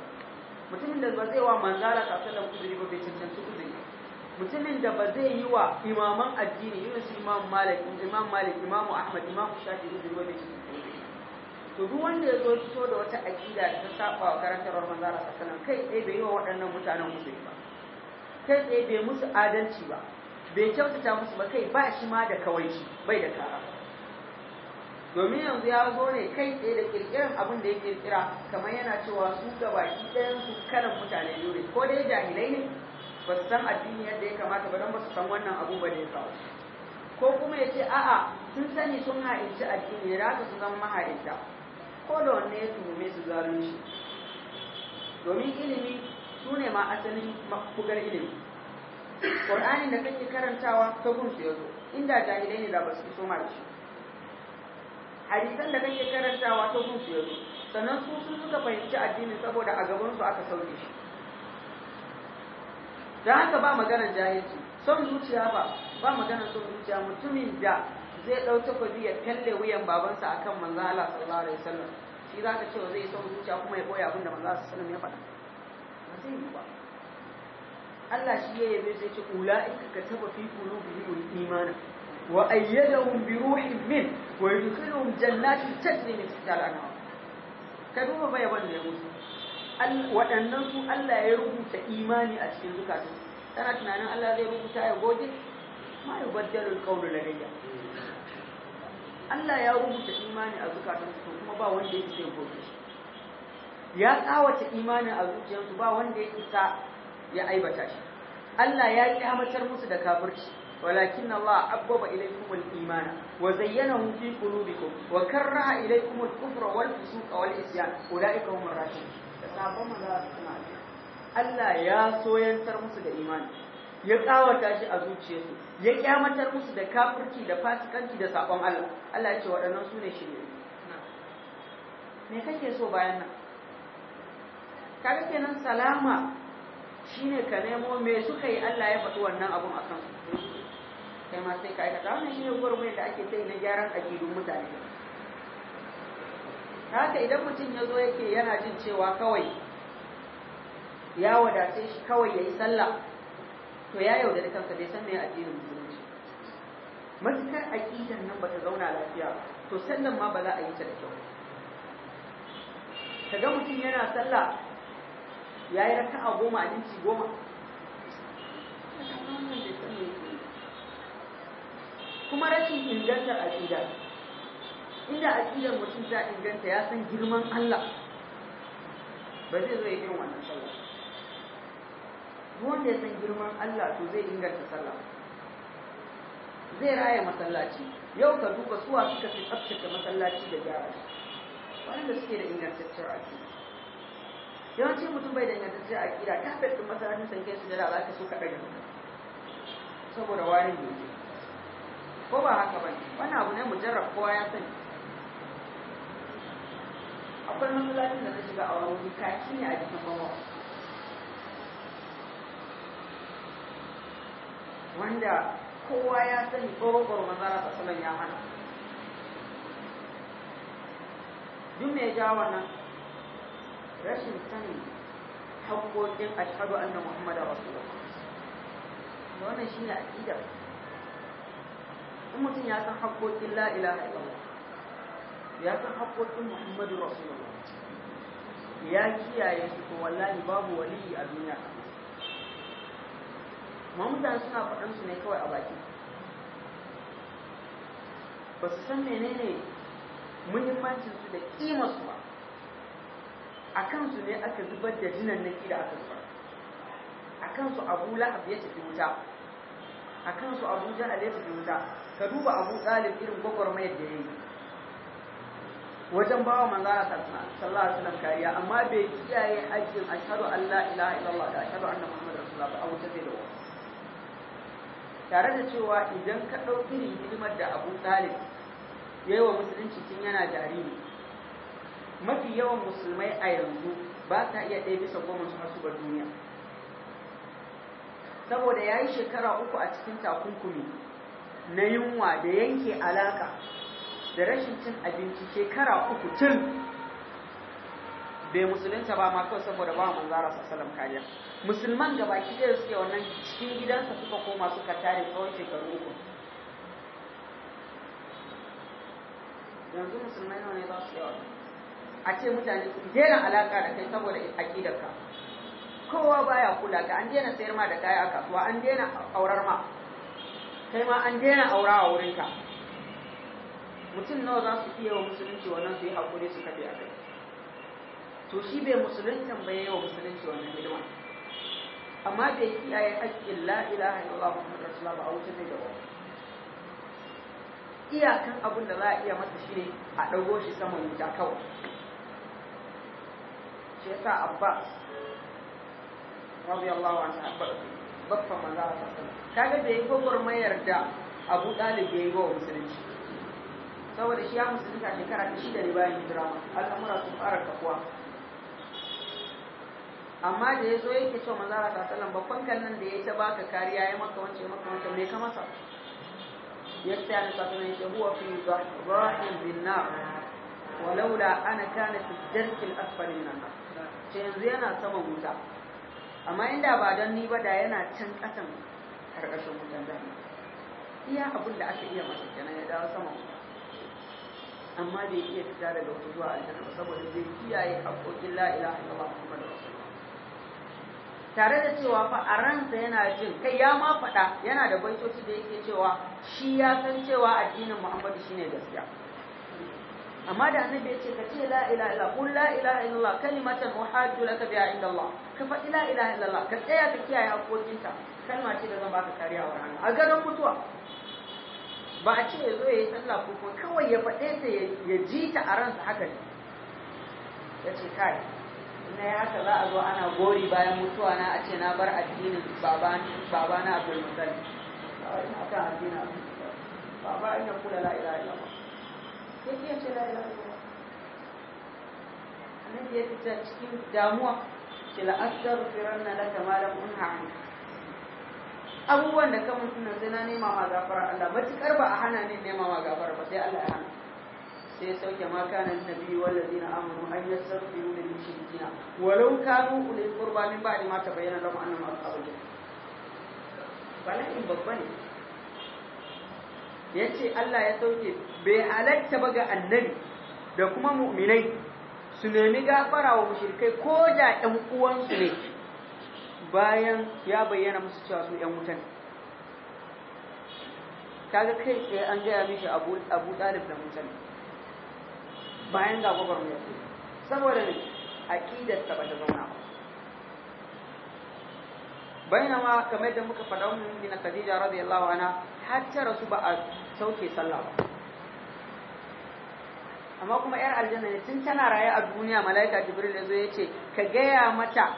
mutumin da ba zai wa manzara ta alaihi uzuri ba bai cancanci uzuri mutumin da ba zai yi wa imaman addini irin su imam malik imam malik imam ahmad imam shafi uzuri ba bai cancanci uzuri to duk wanda ya zo da wata aqida ta saba wa karantarwar manzo sallallahu kai tsaye bai yi wa waɗannan mutanen uzuri ba kai tsaye bai musu adalci ba bai kyautata musu ba kai ba shi ma da kawaici bai da kara domin yanzu ya zo ne kai tsaye da kirkirar abin da ya kirkira kamar yana cewa su ga baki ɗayan su kalan mutane ne ko dai jahilai ne ba su san addini yadda ya kamata ba don ba su san wannan abu ba da ya kawo ko kuma ya ce a'a sun sani sun ha'inci addini ya rasa su zama maha'inta ko da wanne ya tuhume su zalunci domin ilimi su ne ma asalin mafugar ilimi ƙur'anin da kake karantawa ta gunsu ya zo inda jahilai ne da ba su so mara shi hadisan da kake karantawa ta gunsu ya zo sannan su sun suka fahimci addini saboda a gabansu aka sauke shi Da haka ba maganar jahilci son zuciya ba ba maganar son zuciya mutumin da zai ɗau takwazi ya kalle wuyan babansa akan manzo Allah sallallahu alaihi wasallam shi zaka cewa zai son zuciya kuma ya boye abin da manzo sallallahu alaihi wasallam ya faɗa ba Allah shi ya yabe sai ce ula'ika ka taba fi qulubihim imana wa ayyadahum bi ruhin min wa yudkhiluhum jannatin tajri min tahtiha al-anhar ka duba bai wannan ya musu waɗannan su Allah ya rubuta imani a cikin zukatun kana tunanin Allah zai rubuta ya goge ma ya baddalul qawlu ladayya Allah ya rubuta imani a zukatun su kuma ba wanda yake goge shi ya tsawata imanin a zuciyarsu ba wanda ya isa ya aibata shi Allah ya yi musu da kafirci walakin Allah abbaba ilaykum al-iman wa zayyanahu fi qulubikum wa karraha ilaykum al-kufra wal fusuqa wal isyan ulaika hum ar-rashidun sabon maza suna Allah ya soyantar musu da imani ya tsawata shi a zuciyarsu ya kyamatar musu da kafirci da fasikanci da sabon Allah Allah ya ce waɗannan sune ne shirye me kake so bayan nan Karfe kenan salama shine ka nemo me suka yi Allah ya faɗi wannan abun akan su kai ma sai ka aikata wannan ne gurbe da ake kai na gyaran akidun mutane haka idan mutum ya zo yake yana jin cewa kawai ya wadace shi kawai ya yi sallah to ya yaudari kansa bai san me addinin musulunci matukar aƙidan nan ba ta zauna lafiya to sannan ma ba za a yi ta da kyau kaga mutum yana sallah ya yi raka'a goma a jinci goma kuma rashin ingantar aƙida inda aƙidar mutum ta inganta ya san girman Allah ba zai zo ya irin wannan sallah wanda ya san girman Allah to zai inganta sallah zai raya masallaci yau ka duba suwa suka fi tsabtace masallaci da gyara wanda suke da ingantaccen aƙida yawancin mutum bai a aƙida ta ɗin masarautar sanke su jira za ka so ka ɗaga saboda warin ne ko ba haka ba wani abu ne mujarrab kowa ya sani akwai matsalolin da na shiga a wani kaki ne a jikin mawa wanda kowa ya sani ɓoro mazara maza na ya mana duk mai ya nan rashin sanin haƙoƙin muhammad a wasu rasulullah wannan shine aqidar in mutum ya san haƙoƙin la'ila a illallah ya san haƙoƙin muhammadu rasulullah ya kiyaye su ko wallahi babu waliyi a duniya Ma mutane suna faɗansu su ne kawai a baki ba su san menene muhimmancin su da kimar su ba a kansu ne aka zubar da jinan na da aka zubar a kansu abu lahab ya tafi wuta a kansu abu jahal ya tafi wuta ka duba abu talib irin gwagwarmayar da ya yi wajen bawa manzara sallallahu alaihi wasallam kariya amma bai kiyaye hakkin ashhadu an la ilaha illallah da ashhadu anna muhammadar rasulullah ba abu ta da tare da cewa idan ka ɗau hidimar da abu talib ya yi wa musulunci tun yana jariri mafi yawan musulmai a yanzu ba sa iya ɗaya bisa goma su hasu bar duniya saboda ya yi shekara uku a cikin takunkumi na yunwa da yanke alaka da rashin cin abinci shekara uku tun bai musulunta ba ma saboda ba manzara salam kariya musulman gaba ɗaya suke wannan cikin gidansa suka koma suka tare tsawon shekaru uku yanzu musulmai nawa ne za su yawa a ce mutane su daina alaka da kai saboda aqidarka kowa baya kula ga an daina sayar ma da kai a kasuwa an daina aurar ma kai ma an daina aura a wurinka mutum nawa za su iya wa musulunci wannan su yi hakuri su kafe a kai to shi bai musulunci bai yi wa musulunci wannan hidima amma bai kiyaye haƙƙin la ilaha illallah muhammadu rasulullah ba a wuce zai gaba iyakan abin da za a iya masa shine a ɗago shi saman wuta kawai shi yasa abbas radiyallahu anhu babban manzo Allah kaga da yayi gwagwarmayar da Abu Talib yayi ba musulunci saboda shi ya musulunta shekara 6 da bayan hijira al'amura sun fara kafuwa amma da ya zo yake cewa manzo Allah sallallahu alaihi babban kallon da ya ta baka kariya ya maka wance maka wance me ka masa yasta ya sallallahu alaihi wasallam yake huwa fi dhahrin bin nar walaula ana kana fi darkil asfali nan ce yanzu yana sama wuta amma inda ba don ni ba da yana can kasan karkashin wutan da iya abin da aka iya masa kenan ya dawo sama wuta amma bai iya fita daga wuta zuwa aljanna ba saboda bai kiyaye haƙoƙin la ilaha illallah muhammadu rasulullah tare da cewa fa a ransa yana jin kai ya ma faɗa yana da baitoci da yake cewa shi ya san cewa addinin muhammadu shine gaskiya amma da annabi ya ce ka ce la ilaha illallah qul la ilaha illallah kalimatan uhajju laka biha inda Allah ka faɗi la ilaha illallah ka tsaya ka kiyaye hakokinta kalma ce da zan baka kariya wa rana a garin mutuwa ba a ce ya zo ya yi sallah ko kuma kawai ya faɗe ta ya ji ta a ransa haka ne ya ce kai na ya haka za a zo ana gori bayan mutuwa na a ce na bar addinin babana abdul mutalib a kan addinin abdul mutalib baba ina kula la ilaha illallah ya ce la ilaha illallah annabi ya ta cikin damuwa ce la astaghfiranna laka ma lam unha anka abubuwan da kamun suna zina nema ma gafara Allah matukar ba a hana ne nema ma gafara ba sai Allah ya hana sai ya sauke ma kana nabi wallazina amanu an yastaghfiru lil mushrikina walau kanu ulil qurba min ba'di ma tabayyana lahum annahum ashabul bala'in babba ne Ya ce Allah ya sauke bai halatta ba ga annabi da kuma mu'minai su nemi gafara wa mushrikai ko da ɗan uwansu ne bayan ya bayyana musu cewa su ‘yan wutan ga kai tsaye an gaya mishi abu ɗalib da wutan bayan ga gwagwar mai saboda ne ƙidar ta bata zauna ba ma kamar da muka faɗa mun na Khadija radiyallahu anha har ta rasu ba a sauke sallah ba amma kuma yar aljanna ne tun tana raye a duniya malaika jibril ya zo ya ce ka gaya mata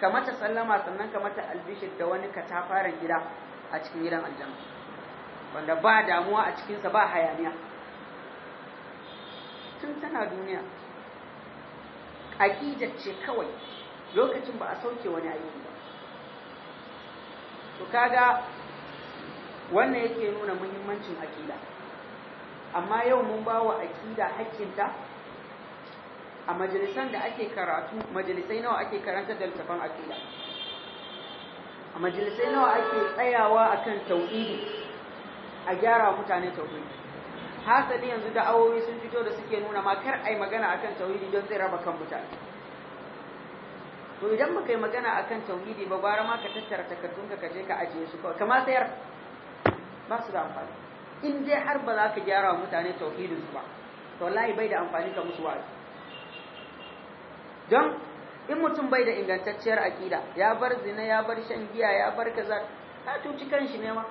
ka mata sallama sannan ka mata albishir da wani katafaren gida a cikin gidan aljanna wanda ba damuwa a cikinsa ba hayaniya tun tana duniya aƙidar ce kawai lokacin ba a sauke wani aiki ba to kaga wannan yake nuna muhimmancin aƙida amma yau mun ba wa aƙida haƙƙinta a majalisan da ake karatu majalisai nawa ake karanta da littafin aƙida a majalisai nawa ake tsayawa akan tauhidi a gyara mutane tauhidi hasali yanzu awowi sun fito da suke nuna ma kar ai magana akan tauhidi don zai raba kan mutane to idan muka yi magana akan tauhidi ba gwara ma ka tattara takardunka ka je ka ajiye su kawai kamar sayar ba su da amfani in dai har ba za ka gyara wa mutane tauhidin su ba to wallahi bai da amfani ka musu wa'azi don in mutum bai da ingantacciyar akida ya bar zina ya bar shan giya ya bar kaza ta tuci kanshi ne ma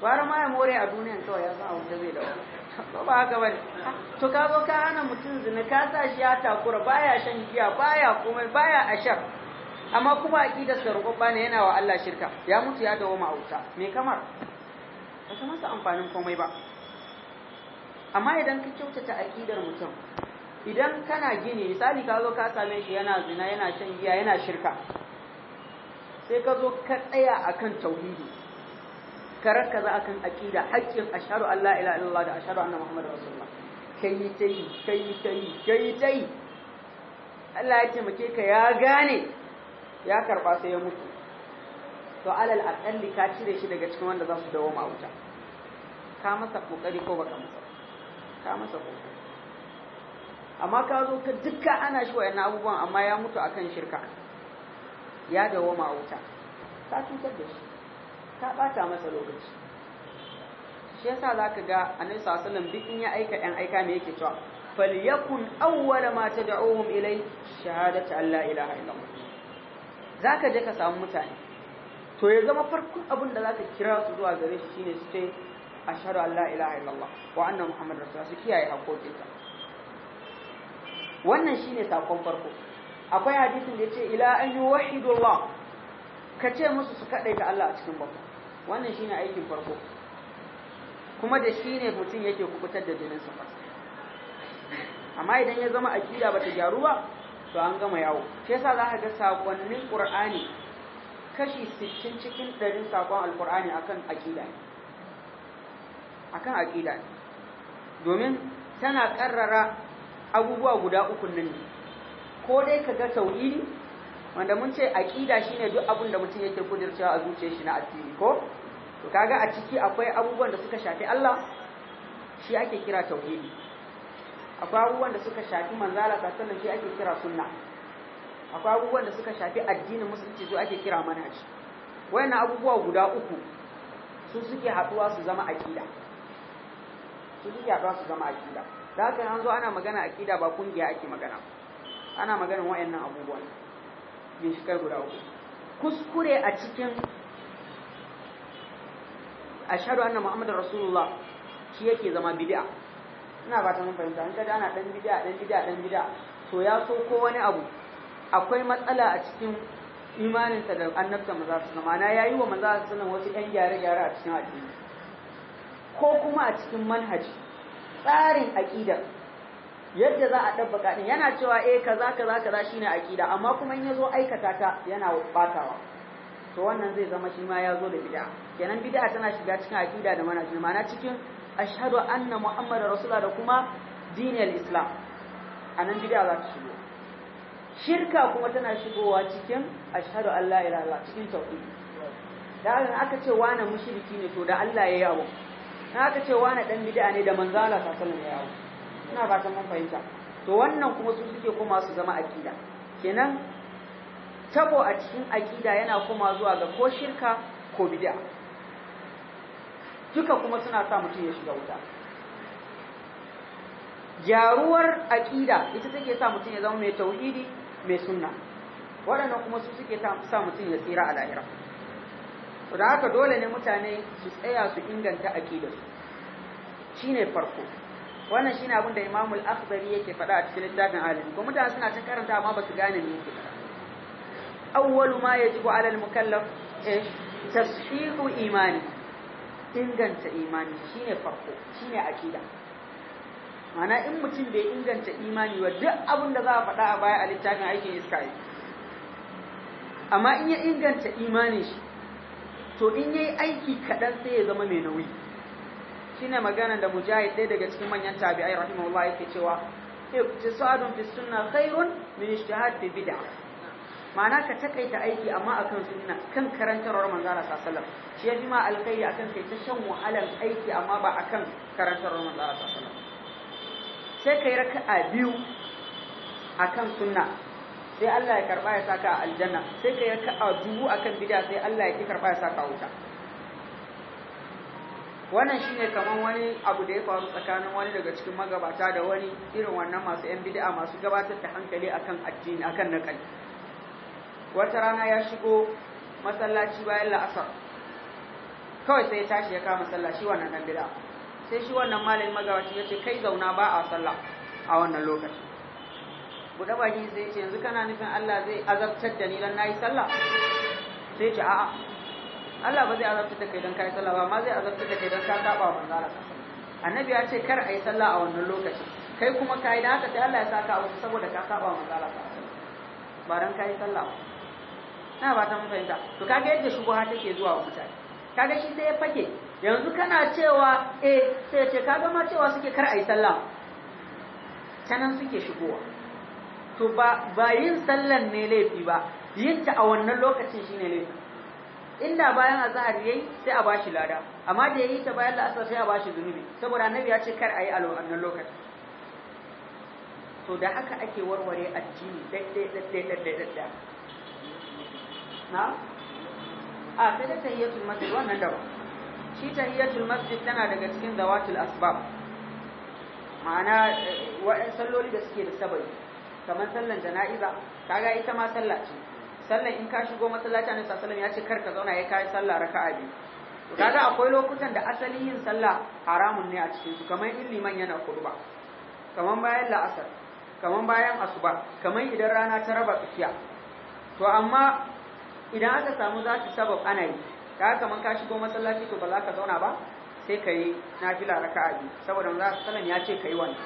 gwara ma ya more a duniyan kawai ya san abin zai dawo ba ba haka bane to ka zo ka hana mutum zina ka sa shi ya takura baya shan giya baya komai baya ashar amma kuma aqidar sa rubabba ne yana wa Allah shirka ya mutu ya dawo ma auta me kamar ba ta masa amfanin komai ba amma idan ka kyautata aƙidar mutum idan kana gini misali ka zo ka same shi yana zina yana shan giya yana shirka sai ka zo ka tsaya akan tauhidi ka rakkaza akan aƙida haƙƙin ashhadu an ilaha illallah da ashhadu anna muhammadar rasulullah kai tai kai tai kai tai Allah ya taimake ka ya gane ya karɓa sai ya mutu to alal aqalli ka cire shi daga cikin wanda za su dawo wuta ka masa kokari ko baka masa ka masa kokari amma ka zo ka dukka ana shi wayannan abubuwan amma ya mutu akan shirka ya dawo wuta ka cutar da shi ka bata masa lokaci shi yasa zaka ga annabi sallallahu alaihi duk in ya aika ɗan aika me yake cewa falyakun awwal ma tad'uhum ilai shahadatu an la ilaha illallah zaka je ka samu mutane to ya zama farkon abin da za ka kira su zuwa gare shi shine su ce ashhadu an la ilaha illallah wa anna muhammadar rasulullah su kiyaye haƙoƙinsa wannan shine sakon farko akwai hadisin da ya ce ila an yi wahidu Allah ka ce musu su kadaita Allah a cikin bakwai wannan shine aikin farko kuma da shine mutum yake kubutar da jinin sa amma idan ya zama kira bata gyaru ba to an gama yawo shi yasa ka ga sakonnin ƙur'ani? kashi 60 cikin 100 sakon alkur'ani akan aqida ne akan aqida ne domin tana karrara abubuwa guda uku nan ne ko dai kaga tauhidi wanda mun ce aqida shine duk abin da mutum yake kudircewa a zuciyar shi na addini, ko to kaga a ciki akwai abubuwan da suka shafi Allah shi ake kira tauhidi akwai abubuwan da suka shafi manzala sallallahu alaihi wasallam shi ake kira sunna akwai abubuwan da suka shafi addinin musulunci su ake kira manhaj wayannan abubuwa guda uku su suke haduwa su zama aqida su suke haduwa su zama aqida da haka an zo ana magana aqida ba kungiya ake magana ana maganar wayannan abubuwan kai guda uku kuskure a cikin ashhadu anna muhammadar rasulullah shi yake zama bid'a ina ba ta mun fahimta an kada ana dan bid'a dan bid'a dan bid'a to ya so ko wani abu akwai matsala a cikin imaninsa da annabta maza su zama na yayi wa maza su wasu ɗan gyare-gyare a cikin addini ko kuma a cikin manhaji tsarin aƙidar yadda za a ɗabbaka ɗin yana cewa eh kaza kaza kaza shine aƙida amma kuma in yazo aikata ta yana batawa to wannan zai zama shi ma ya zo da bid'a kenan bid'a tana shiga cikin aƙida da manhaji ma'ana cikin ashhadu anna muhammadar rasulullah da kuma dinin islam anan bid'a za ta shigo shirka kuma tana shigowa cikin ashhadu an la ilaha illallah cikin tauhid da an aka ce wani mushriki ne to da Allah ya yawo na aka ce wani dan bid'a ne da manzo Allah sallallahu alaihi wasallam ya yawo ina fatan mun fahimta to wannan kuma su suke kuma su zama akida kenan tabo a cikin akida yana kuma zuwa ga ko shirka ko bid'a duka kuma suna sa mutum ya shiga wuta jaruwar aƙida ita take sa mutum ya zama mai tauhidi mai suna waɗannan kuma su suke sa mutum ya tsira a lahira da haka dole ne mutane su tsaya su inganta Shi ne farko wannan shine abin da imamul al yake faɗa a cikin littafin Alim ko mutane suna ta karanta amma ba su gane me yake faɗa awwalu ma yajibu ji al-mukallaf eh tasfihu imani inganta imani shine farko shine aqida mana in mutum bai inganta imani ba duk abin da za a faɗa a baya a littafin aikin iska yi amma in ya inganta imani shi to in ya yi aiki kaɗan sai ya zama mai nauyi Shi ne magana da mujahid ɗaya daga cikin manyan tabi'ai rahimahullah yake cewa iktisadun fi sunna khairun min ijtihad fi bid'ah ma'ana ka takaita aiki amma akan sunna kan karantarwar Manzara Allah sallallahu alaihi shi fi ma alkhairi akan kai ta shan wahalan aiki amma ba akan karantarwar Manzara sallallahu alaihi sai raka raka'a biyu a kan sunna sai Allah ya karba ya saka a aljanna sai ka a raka'a dubu kan bid'a sai Allah ya ki karba ya saka wuta wannan shine kamar wani abu da ya faru tsakanin wani daga cikin magabata da wani irin wannan masu yan bid'a masu gabatar da hankali akan addini akan nakali wata rana ya shigo masallaci bayan la'asar kawai sai ya tashi ya kama masallaci wannan nan bid'a sai shi wannan malamin magawaci ya ce kai zauna ba a sallah a wannan lokacin buɗe baki sai ce yanzu kana nufin Allah zai azabtar da ni dan nayi sallah sai ce a'a Allah ba zai azabtar da kai dan kai sallah ba amma zai azabtar da kai dan ka saba wa manzo Allah annabi ya ce kar ai sallah a wannan lokacin kai kuma kai da haka sai Allah ya saka abu saboda ka saba wa manzo Allah ba dan kai sallah na ba ta mun fahimta to kaga yadda shubuha take zuwa wa mutane kaga shi sai ya fake yanzu kana cewa eh sai ce kaga ma cewa suke kar ayi sallah canan suke shigowa to ba ba yin sallan ne laifi ba yin ta a wannan lokacin shine laifi inda bayan azhar yayi sai a bashi lada amma da yayi ta bayan la'asar sai a bashi zunubi saboda annabi ya ce kar ayi a wannan lokacin to da haka ake warware addini daidai daidai daidai daidai na a sai da tayyatul masjid wannan daban shi tahiyatul masjid tana daga cikin zawatul asbab ma'ana eh, wa'in salloli da suke da sababi kamar sallan jana'iza kaga ita ma sallah ce sallan in ka shigo masallaci annabi sallallahu alaihi wasallam ya ce kar ka zauna ya kai sallah raka'a biyu kaga akwai lokutan da asali yin sallah haramun ne a cikin su kamar in liman yana kurba kamar bayan la'asar kamar bayan asuba kamar idan rana ta raba tsakiya to amma idan aka samu zaki sabab ana yi da haka man ka shigo masallaci to ba za ka zauna ba sai ka yi nafila raka'a biyu saboda manzo sallan ya ce kai wannan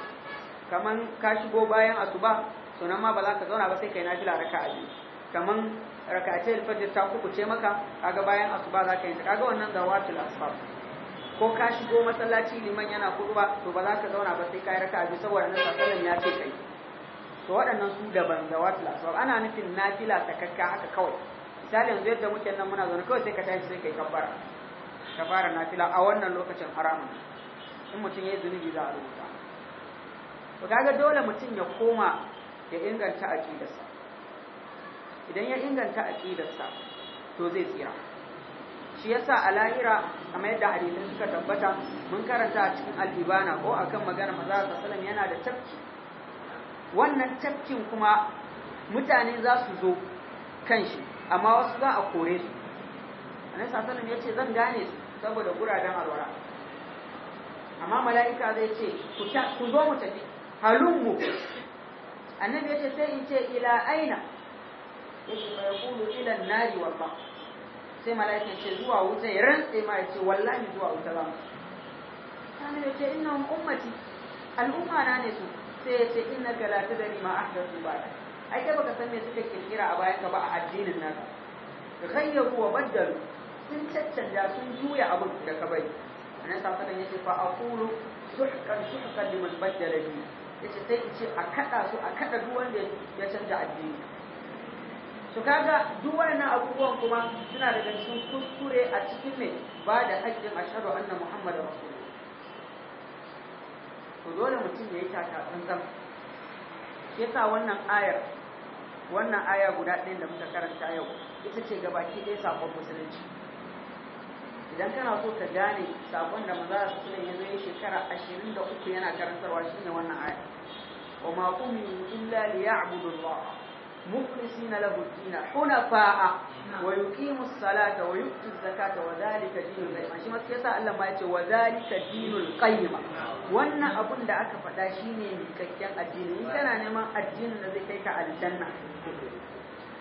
kaman ka shigo bayan asuba to nan ma ba za ka zauna ba sai ka yi nafila raka'a biyu kaman raka'atul fajr ta kukuce maka kaga bayan asuba za ka yi Ta kaga wannan zawatul asbab ko ka shigo masallaci liman yana kuduba to ba za ka zauna ba sai ka yi raka'a biyu saboda nan sallan ya ce kai to waɗannan su daban zawatul asbab ana nufin nafila sakakka haka kawai misali yanzu yadda muke nan muna zaune kawai sai ka tashi sai kai kafara na fila a wannan lokacin haramun in mutum yayi zunubi za a rubuta to kaga dole mutum ya koma ya inganta aqidarsa idan ya inganta aqidarsa to zai tsira shi yasa a lahira kamar yadda hadisin suka tabbata mun karanta a cikin al-ibana ko akan magana maza sallallahu alaihi yana da tafki wannan tafkin kuma mutane za su zo kan shi amma wasu za a kore su annabi sallallahu ya ce zan gane su saboda guraben alwara amma mala'ika zai ce ku zo mu tafi halungu annabi ya ce sai in ce ila aina ya ce mai kulu ilan nari wabba sai mala'ika ce zuwa wuce ya rantse ma ya ce wallahi zuwa wuce za mu Sani ya ce inna ummati al'umma na ne su sai ya ce inna ka la tudari ma ahdathu ba'da ai kai baka san me suka kirkira a bayan ka ba a addinin naka ghayyaru wa baddalu sun caccanja sun juya abin da ka bai annabi sallallahu alaihi yace fa aqulu suhkan suhkan liman baddala bi yace sai in ce a kada su a kada duk wanda ya canja addini to kaga duk wannan abubuwan kuma suna daga cikin kuskure a cikin ne ba da haƙƙin ashhadu anna Muhammadu rasulullah to dole mutum ya yi taka tsantsan yasa wannan ayar wannan aya guda ɗin da muka karanta yau ita ce gabaki ɗaya sakon musulunci idan kana so ka gane sakon da maza su yanzu ya shekara ashirin da uku yana karantarwa shine wannan aya wa ma umiru illa liya'budu مخلصين na الدين حنفاء ويقيم الصلاة ويؤتي الزكاة وذلك دين القيمة shi ma yasa Allah ma ce wadhalika dinul qayyim wannan abun da aka faɗa shine mikakken addini in neman addinin da zai kai ka aljanna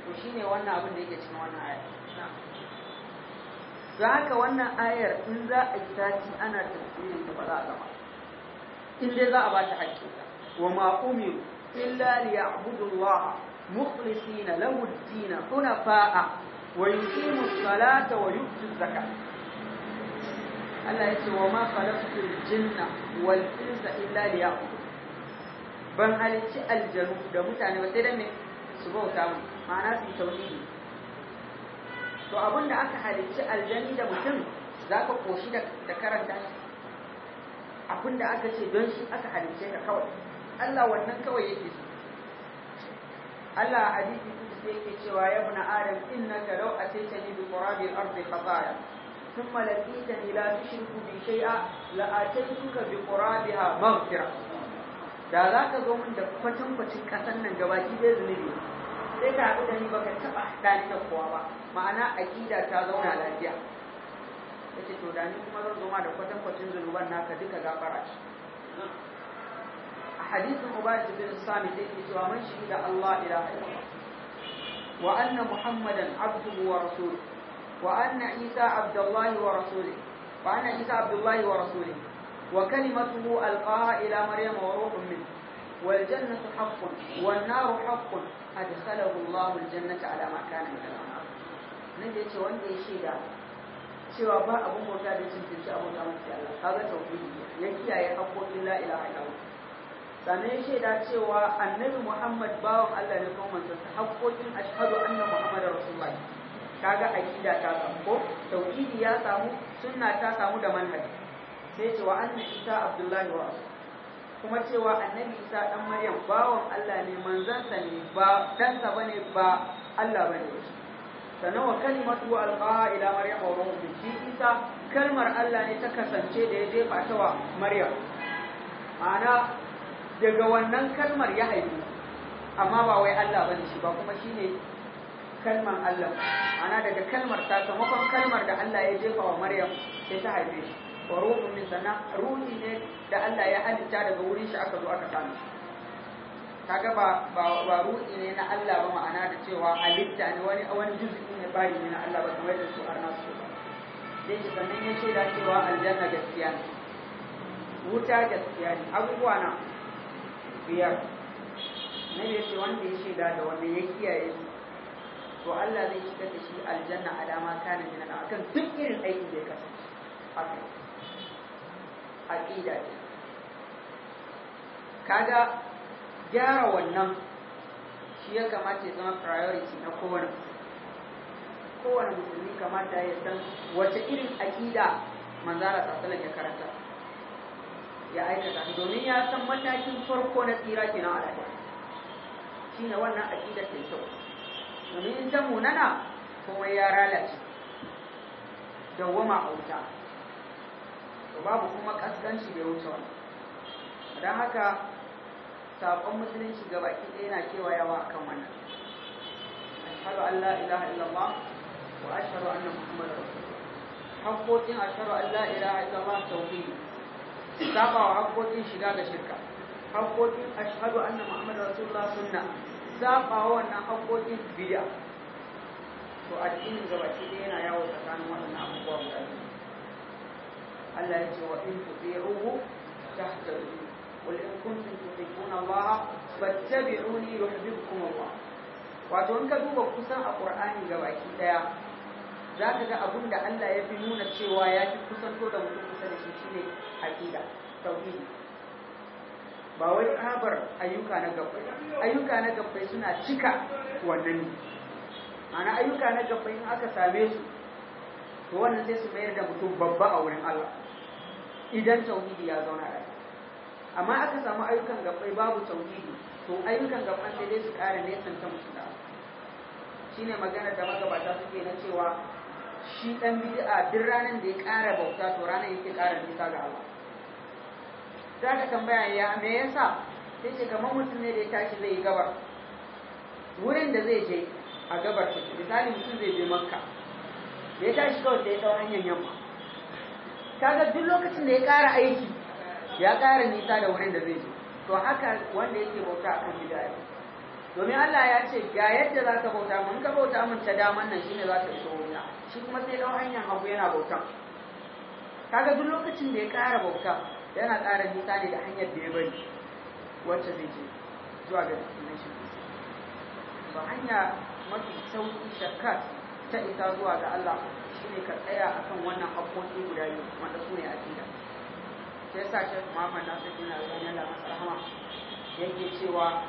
to shine wannan abun da yake cikin wannan aya da haka wannan ayar in za a yi sati ana tafsirin ta ba za a gama in dai za a ba ta haƙƙi wa ma umiru illa liya'budu Allah مخلصين له الدين حنفاء ويقيم الصلاة ويؤتي الزكاة Allah ya ce wa ma khalaqtul jinna wal insa illa liya'budun ban halicci aljanu da mutane ba sai dame su bauta mu ma'ana su ne. to abinda aka halicci aljani da mutum zaka koshi da da karanta abinda aka ce don shi aka halicce ka kawai Allah wannan kawai yake so Allah a hadisi kudusi yake cewa ya ibn adam innaka law ataitani bi qurabi al-ardi qataya thumma laqitani la tushriku bi shay'a la ataituka bi qurabiha maghfira da za ka zo min da kwatankwacin kasan nan gaba gabaki zai zunubi sai ka haɗu da ni baka taɓa haɗa ni da kowa ba ma'ana aƙida ta zauna lafiya yace to da ni kuma zan zo ma da kwatankwacin zunuban naka duka gafara shi hadisin Ubadah bin Samit yake cewa man shahida Allah ilaha illallah wa anna Muhammadan abduhu wa rasuluhu Isa abdullahi wa rasuluhu wa Isa abdullahi wa rasuluhu wa والجنة حق والنار حق أدخله الله الجنة على ما كان من الأمر nan yace wanda ya shaida cewa ba abun bauta da cin abun da mutum Allah kaga tauhidi ya kiyaye haƙoƙin la sannan shaida cewa annabi Muhammad bawan Allah ne kuma manzon ta haƙoƙin ashadu anna muhammad Rasulullahi kaga aqida ta samu ko tauhidi ya samu sunna ta samu da manhaji sai cewa annabi Isa Abdullahi wa kuma cewa annabi Isa dan Maryam bawan Allah ne manzansa ne ba dan sa bane ba Allah bane sannan wa kalimatu alqa ila maryam wa ruhu shi Isa kalmar Allah ne ta kasance da ya jefa ta wa Maryam ma'ana daga wannan kalmar ya haifi amma ba wai Allah bane shi ba kuma shine kalmar Allah ana daga kalmar sakamakon kalmar da Allah ya jefa wa Maryam sai ta haife shi wa ruhun min sana ruhi ne da Allah ya halitta daga wurin shi aka zo aka samu shi kaga ba ba ruhi ne na Allah ba ma'ana da cewa halitta ne wani wani juz'i ne bayi ne na Allah ba kamar da su arna nasu ba sannan ya ce da cewa aljanna gaskiya ne wuta gaskiya ne abubuwa na biyar na ya ce wanda ya shaida da wanda ya kiyaye to Allah zai shiga da shi aljanna a dama kana min na akan duk irin aikin da ya kasance haka aqida ce kaga gyara wannan shi ya kamata ya zama priority na kowane kowane musulmi kamata ya san wace irin aqida manzara sallallahu ya karanta ya aikata domin ya san matakin farko na tsira kenan a Shi ne wannan a aqidar da kyau domin in ta munana komai ya lalace dawwama a wuta to babu kuma kaskanci da ya wuce wannan don haka saƙon musulunci ga baki ɗaya na kewayawa a kan wannan ashhadu an la ilaha illallah wa ashhadu anna muhammadar rasulullah haƙƙoƙin ashhadu an la ilaha illallah tauhidi saba wa haƙoƙin shiga da shirka haƙoƙin ashhadu anna muhammad rasulullah sunna saba wa wannan haƙoƙin bid'a to addinin gabaki ɗaya yana yawo tsakanin waɗannan abubuwa guda biyu Allah ya ce wa in tuti'uhu tahtadu qul in kuntum tuhibbuna Allah fattabi'uni yuhibbukum Allah wato in ka duba kusan a Qur'ani gabaki ɗaya za ka ga abin da Allah ya fi nuna cewa ya fi kusanto da mutum kusa da shi shi ne aqida tauhidi ba wai tsabar ayyuka na gabbai ayyuka na gabbai suna cika wannan ne ana ayyuka na gabbai in aka same su to wannan sai su mayar da mutum babba a wurin Allah idan tauhidi ya zauna da amma aka samu ayyukan gabbai babu tauhidi to ayyukan gabbai sai dai su ƙara nesanta mutum da shi ne maganar da magabata suke na cewa shi ɗan bid'a duk ranar da ya ƙara bauta to ranar yake ƙara nisa ga Allah za ka tambaya ya me yasa sai ce kamar mutum ne da ya tashi zai gabar wurin da zai je a gabar take misali mutum zai je makka da ya tashi kawai da ya ɗau hanyar yamma kaga duk lokacin da ya ƙara aiki ya ƙara nisa da wurin da zai je to haka wanda yake bauta a kan bid'a domin Allah ya ce ga yadda za ka bauta mun ka bauta mun ta daman nan shine za ka iso shi kuma sai ɗau hanyar hagu yana bauta kaga duk lokacin da ya ƙara bauta yana ƙara nisa ne da hanyar da ya bari wacce zai je zuwa ga destination ba hanya mafi sauƙi shakkat ta isa zuwa ga Allah shi ne ka tsaya akan wannan haƙƙoƙi guda biyu wanda su ne aƙida sai sa shi Muhammad Nasir bin Al-Albani Allah yake cewa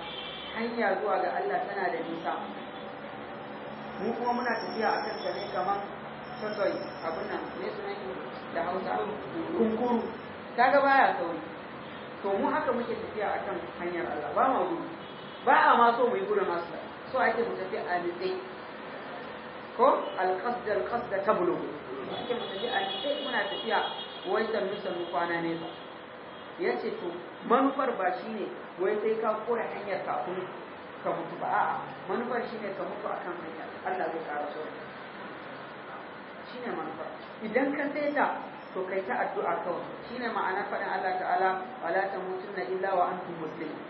hanya zuwa ga Allah tana da nisa mu kuma muna tafiya a kan ne kamar sassai abin nan ne sunan da hausa kunkuru kaga baya sauri to mu haka muke tafiya a kan hanyar Allah ba ma gudu ba a ma so mu yi gudun masu so ake mu tafi a nitse ko alƙasda alƙasda ta bulu ake mu tafi a nitse muna tafiya wai sannu sannu kwana nesa ya ce to manufar ba shi ne wai sai ka koya hanyar kafin ka mutu ba a'a manufar shi ne ka mutu akan hanyar Allah zai kara su shi ne manufa idan ka saita to kai ta addu'a kawai shi ne ma'ana faɗin Allah ta'ala wala ta mutunna illa wa antum muslimin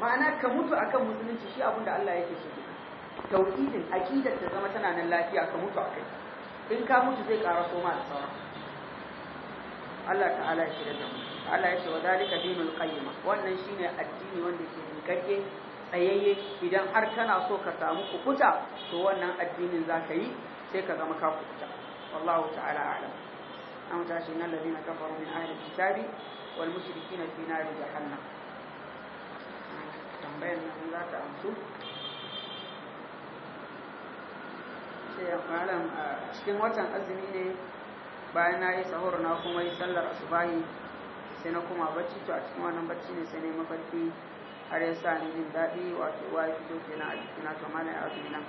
ma'ana ka mutu akan musulunci shi abin da Allah yake so tauhidin aqidar ta zama tana nan lafiya ka mutu akai in ka mutu zai ƙara so ma da sauran Allah ta'ala ya shirya da mu Allah ya ce wa zalika dinul qayyim wannan shine addini wanda yake miƙaƙe tsayayye idan har kana so ka samu kukuta to wannan addinin za ka yi sai ka zama ka kukuta wallahu ta'ala alam an tashi nan ladina kafaru min ahli kitabi wal mushrikina fi nari jahannam tambayar nan za ta amsu sai malam a cikin watan azumi ne bayan na yi sahur na kuma yi sallar asubahi sai na kuma bacci to a cikin wannan bacci ne sai na yi mafarki har ya sa ni jin daɗi wato wa ya fito kenan a jikina to mana ya azumi nan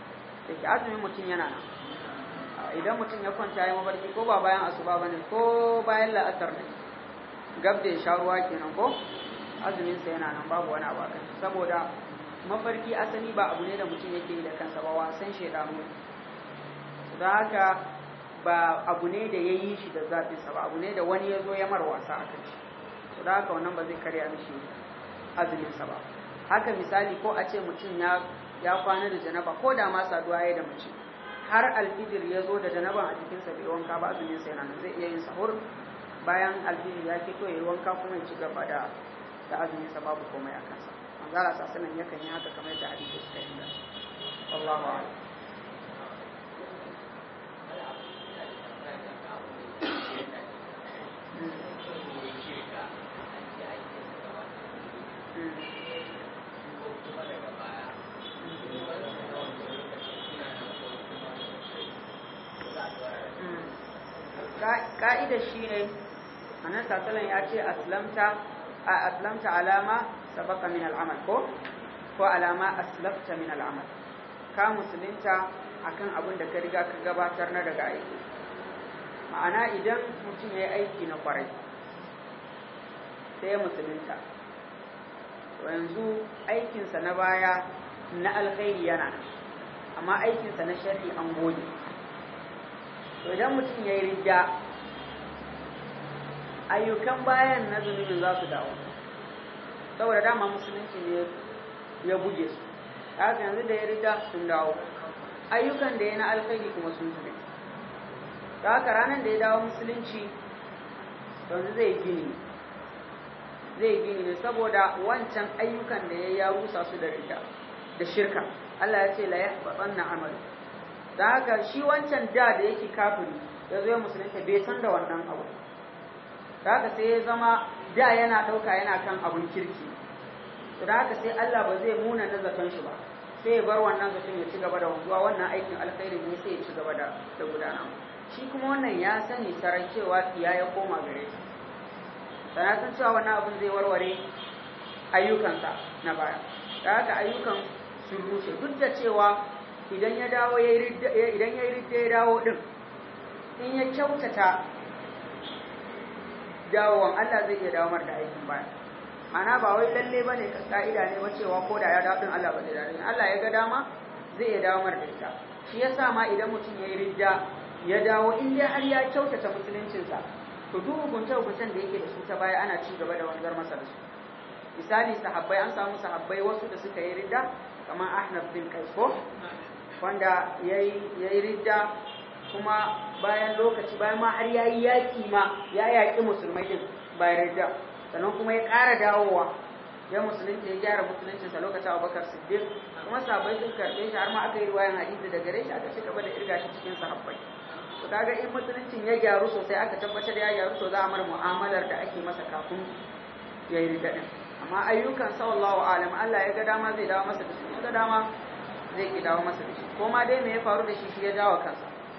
da ke azumi mutum yana nan idan mutum ya kwanta ya mafarki ko ba bayan asuba ba ne ko bayan la'asar ne gab da ya sha ruwa kenan ko azuminsa yana nan babu wani abu akan saboda mafarki asali ba abu ne da mutum yake yi da kansa ba wasan shaidanu ne don haka ba abu ne da ya yi shi da zafinsa ba abu ne da wani ya zo ya mar wasa a kan shi don haka wannan ba zai karya mishi ba azuminsa ba haka misali ko a ce mutum ya kwana da janaba ko da ma saduwa ya da mace har alfijir ya zo da janaban a jikinsa bai wanka ba azuminsa yana zai iya yin sahur bayan alfijir ya fito ya wanka kuma ya ci gaba da da azuminsa babu komai a kansa manzala sasanan kan yi haka kamar da hadisi suka yi da a'lam Thank you. fa'idar shi ne annan ya ce aslamta a aslamta alama sabaka min al'amal ko ko alama aslafta min al'amal ka musulunta kan abin da ka riga ka gabatar na daga aiki ma'ana idan mutum ya yi aiki na kwarai sai ya musulunta yanzu aikinsa na baya na alkhairi yana amma aikinsa na shari'i an goge to idan mutum ya yi rigya ayyukan bayan na zunubin za su dawo saboda dama musulunci ne ya buge su haka yanzu da ya rida sun dawo ayyukan da ya na alkhairi kuma sun zube da haka ranar da ya dawo musulunci yanzu zai gini zai gini ne saboda wancan ayyukan da ya ya rusa su da rida da shirka Allah ya ce la tsanna amal da haka shi wancan da da yake kafiri ya zo musulunta bai san da wannan abu haka sai ya zama da yana ɗauka yana kan abun kirki to da haka sai Allah ba zai muna na shi ba sai ya bar wannan zaton ya ci gaba da wanzuwa wannan aikin alkhairi ne sai ya ci gaba da da gudana shi kuma wannan ya sani sarai cewa ya koma gare shi sana san cewa wannan abun zai warware ayyukansa na baya da haka ayyukan sun rushe duk da cewa idan ya dawo idan ya yi ridda ya dawo din in ya kyautata dawowan Allah zai iya dawo da aikin baya ana ba wai lalle bane ka ka'ida ne cewa ko da ya dawo din Allah ba zai dawo Allah ya ga dama zai iya dawo da ita shi yasa ma idan mutum yayi ridda ya dawo in dai har ya kyautata musuluncinsa to duk hukunce hukuncen da yake da su ta baya ana ci gaba da wanzar masa da su misali sahabbai an samu sahabbai wasu da suka yi ridda kamar Ahnaf bin Qais ko wanda yayi yayi ridda kuma bayan lokaci bayan ma har yayi yaki ma ya yaki musulmai din bayan da. sannan kuma ya ƙara dawowa ya musulunci ya gyara musuluncinsa lokacin abubakar siddiq kuma sabai sun karɓe shi har ma aka yi ruwayan hadisi da gare shi aka ci gaba da irga shi cikin sahabbai to kaga in musuluncin ya gyaru sosai aka tabbatar ya gyaru to za a mar mu'amalar da ake masa kafin ya yi rida din amma ayyukan sallallahu alam Allah ya ga dama zai dawo masa da shi ya ga dama zai ki dawo masa da shi ko ma dai me ya faru da shi shi ya dawo kansa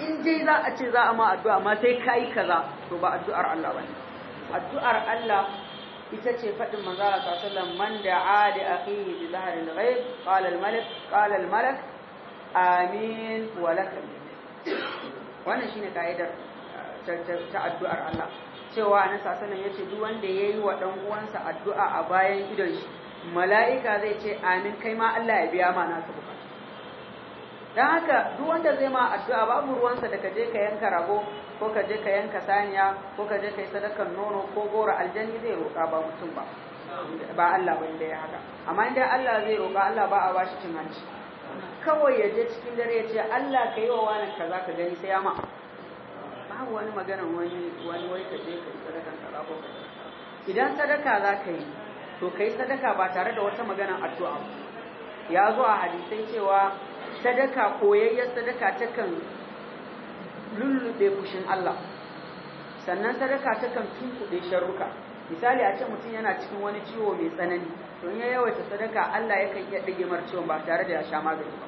in dai za a ce za a ma addu'a ma sai ka yi kaza to ba addu'ar Allah ba ne addu'ar Allah ita ce faɗin manzo Allah sallallahu man da'a adi akhihi bi zahril ghaib qala al malik qala malak amin wa lak wannan shine kaidar ta addu'ar Allah cewa na sallallahu ya yace duk wanda yayi wa dan uwansa addu'a a bayan idon shi mala'ika zai ce amin kai ma Allah ya biya ma naka bukata don haka duk wanda zai ma addu'a babu ruwansa da ka je ka yanka rago ko ka je ka yanka saniya ko ka je ka yi sadakan nono ko gora aljanni zai roƙa ba mutum ba ba Allah ba inda ya haka amma inda Allah zai roƙa Allah ba a bashi cin hanci kawai ya je cikin dare ya ce Allah ka yi wa wani kaza ka gani sai ya ma babu wani maganar wani wani wai ka je ka yi sadakan kaza ko idan sadaka za ka yi to ka yi sadaka ba tare da wata maganar addu'a ya zo a hadisai cewa sadaka koyayyar sadaka takan lullube fushin Allah sannan sadaka takan tunkuɗe sharruka misali a ce mutum yana cikin wani ciwo mai tsanani don ya yawaita sadaka Allah yakan iya ɗage mar ciwon ba tare da ya sha magani ba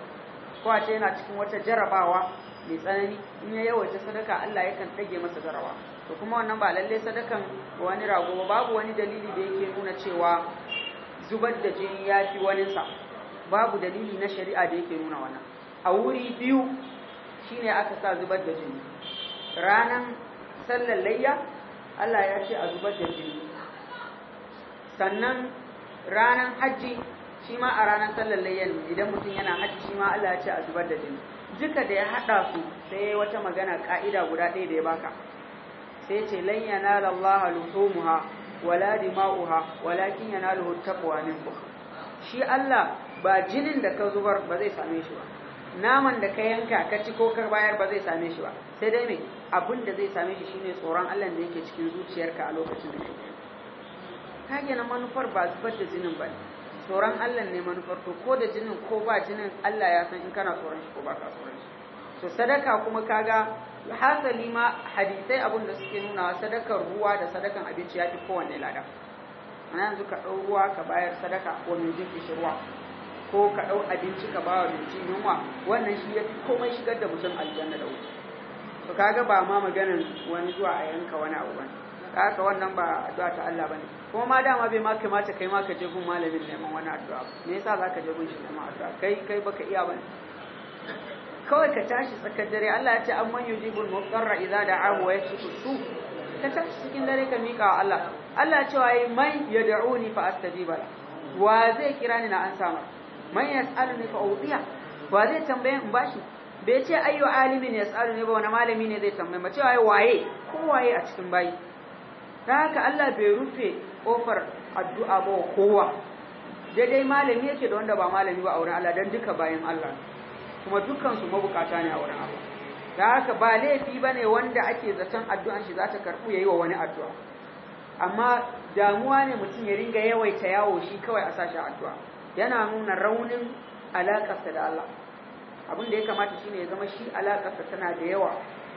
ko a ce yana cikin wata jarabawa mai tsanani in ya yawaita sadaka Allah ya kan ɗage masa jarabawa to kuma wannan ba lalle sadakan wani rago ba babu wani dalili da yake nuna cewa zubar da jini ya fi waninsa babu dalili na shari'a da yake nuna wannan a wuri biyu shine aka sa zubar da jini ranan sallar layya Allah ya ce a zubar da jini sannan ranan hajji shi ma a ranan sallar layya idan mutum yana hajji shi ma Allah ya ce a zubar da jini duka da ya haɗa su sai wata magana ƙa'ida guda ɗaya da ya baka sai ce lan yanala Allah luhumuha wala dima'uha walakin yanaluhu taqwa minkum shi Allah ba jinin da ka zubar ba zai same shi ba naman da ka yanka ka ci ko ka bayar ba zai same shi ba sai dai me abin da zai same shi shine tsoron Allah da yake cikin zuciyarka a lokacin da kake ka gina manufar ba zubar da jinin ba tsoron Allah ne manufar to ko da jinin ko ba jinin Allah ya san in kana tsoron shi ko ba ka tsoron shi to sadaka kuma kaga hasali ma hadisai abin da suke nuna sadakar ruwa da sadakan abinci ya fi kowanne lada a yanzu ka ɗau ruwa ka bayar sadaka ko mai jin ruwa ko ka ɗau abinci ka bawa mai jin yunwa wannan shi ya fi komai shigar da mutum aljanna da wuce to kaga ba ma maganin wani zuwa a yanka wani abu bane haka wannan ba addu'a ta Allah bane kuma ma dama bai ma kamata kai ma ka je gun malamin neman wani addu'a me yasa zaka je gun shi neman addu'a kai kai baka iya bane kawai ka tashi tsakar dare Allah ya ce amman yujibul mudarra idza da'ahu wa yakshifu su ka cikin dare ka miƙa wa Allah Allah cewa yi man yad'uni fa astajiba wa zai kira ni na ansa mai man yas'aluni fa udiya wa zai tambaye in bashi bai ce ayyu alimin yas'aluni ba wani malami ne zai tambaye ma cewa waye ko waye a cikin bayi dan haka Allah bai rufe kofar addu'a ba kowa daidai malami yake da wanda ba malami ba a wurin Allah dan duka bayan Allah kuma dukkan su mabukata ne a wurin Allah da haka ba laifi ba ne wanda ake zaton addu'an shi za ta karɓu ya yi wa wani addu'a amma damuwa ne mutum ya ringa yawaita yawo shi kawai a sashi addu'a yana nuna raunin alaƙarsa da Allah abin da ya kamata shi ne ya zama shi alaƙarsa tana da yawa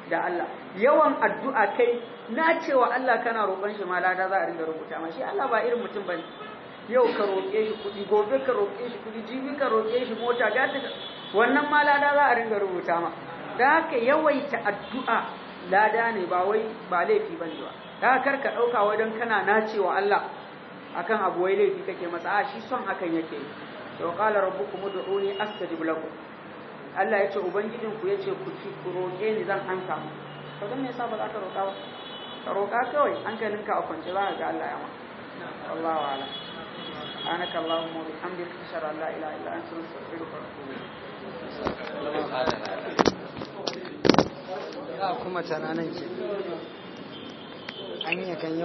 da Allah yawan addu'a kai na cewa Allah kana roƙon shi ma lada za a ringa rubuta amma shi Allah ba irin mutum bane yau ka roƙe shi kuɗi gobe ka roƙe shi kuɗi jibi ka roƙe shi mota gata wannan ma lada za a ringa rubuta ma da haka yawaita addu'a lada ne ba wai ba laifi ban zuwa da kar ka ɗauka wajen don kana nacewa Allah akan abu wai laifi kake masa a shi son hakan yake yi sau ƙala rabbukum ud'uni astajib lakum Allah ya ce ubangijin ku yace ku ci ku roƙe ni zan hanka mu to don me yasa ba za ka roƙa ba ka roƙa kawai kai ninka a kwance za ka ga Allah ya ma wallahu a'lam سبحانك اللهم وبحمدك اشهد ان لا اله الا انت نستغفرك ونتوب اليك za a kuma tara nan ke an yakan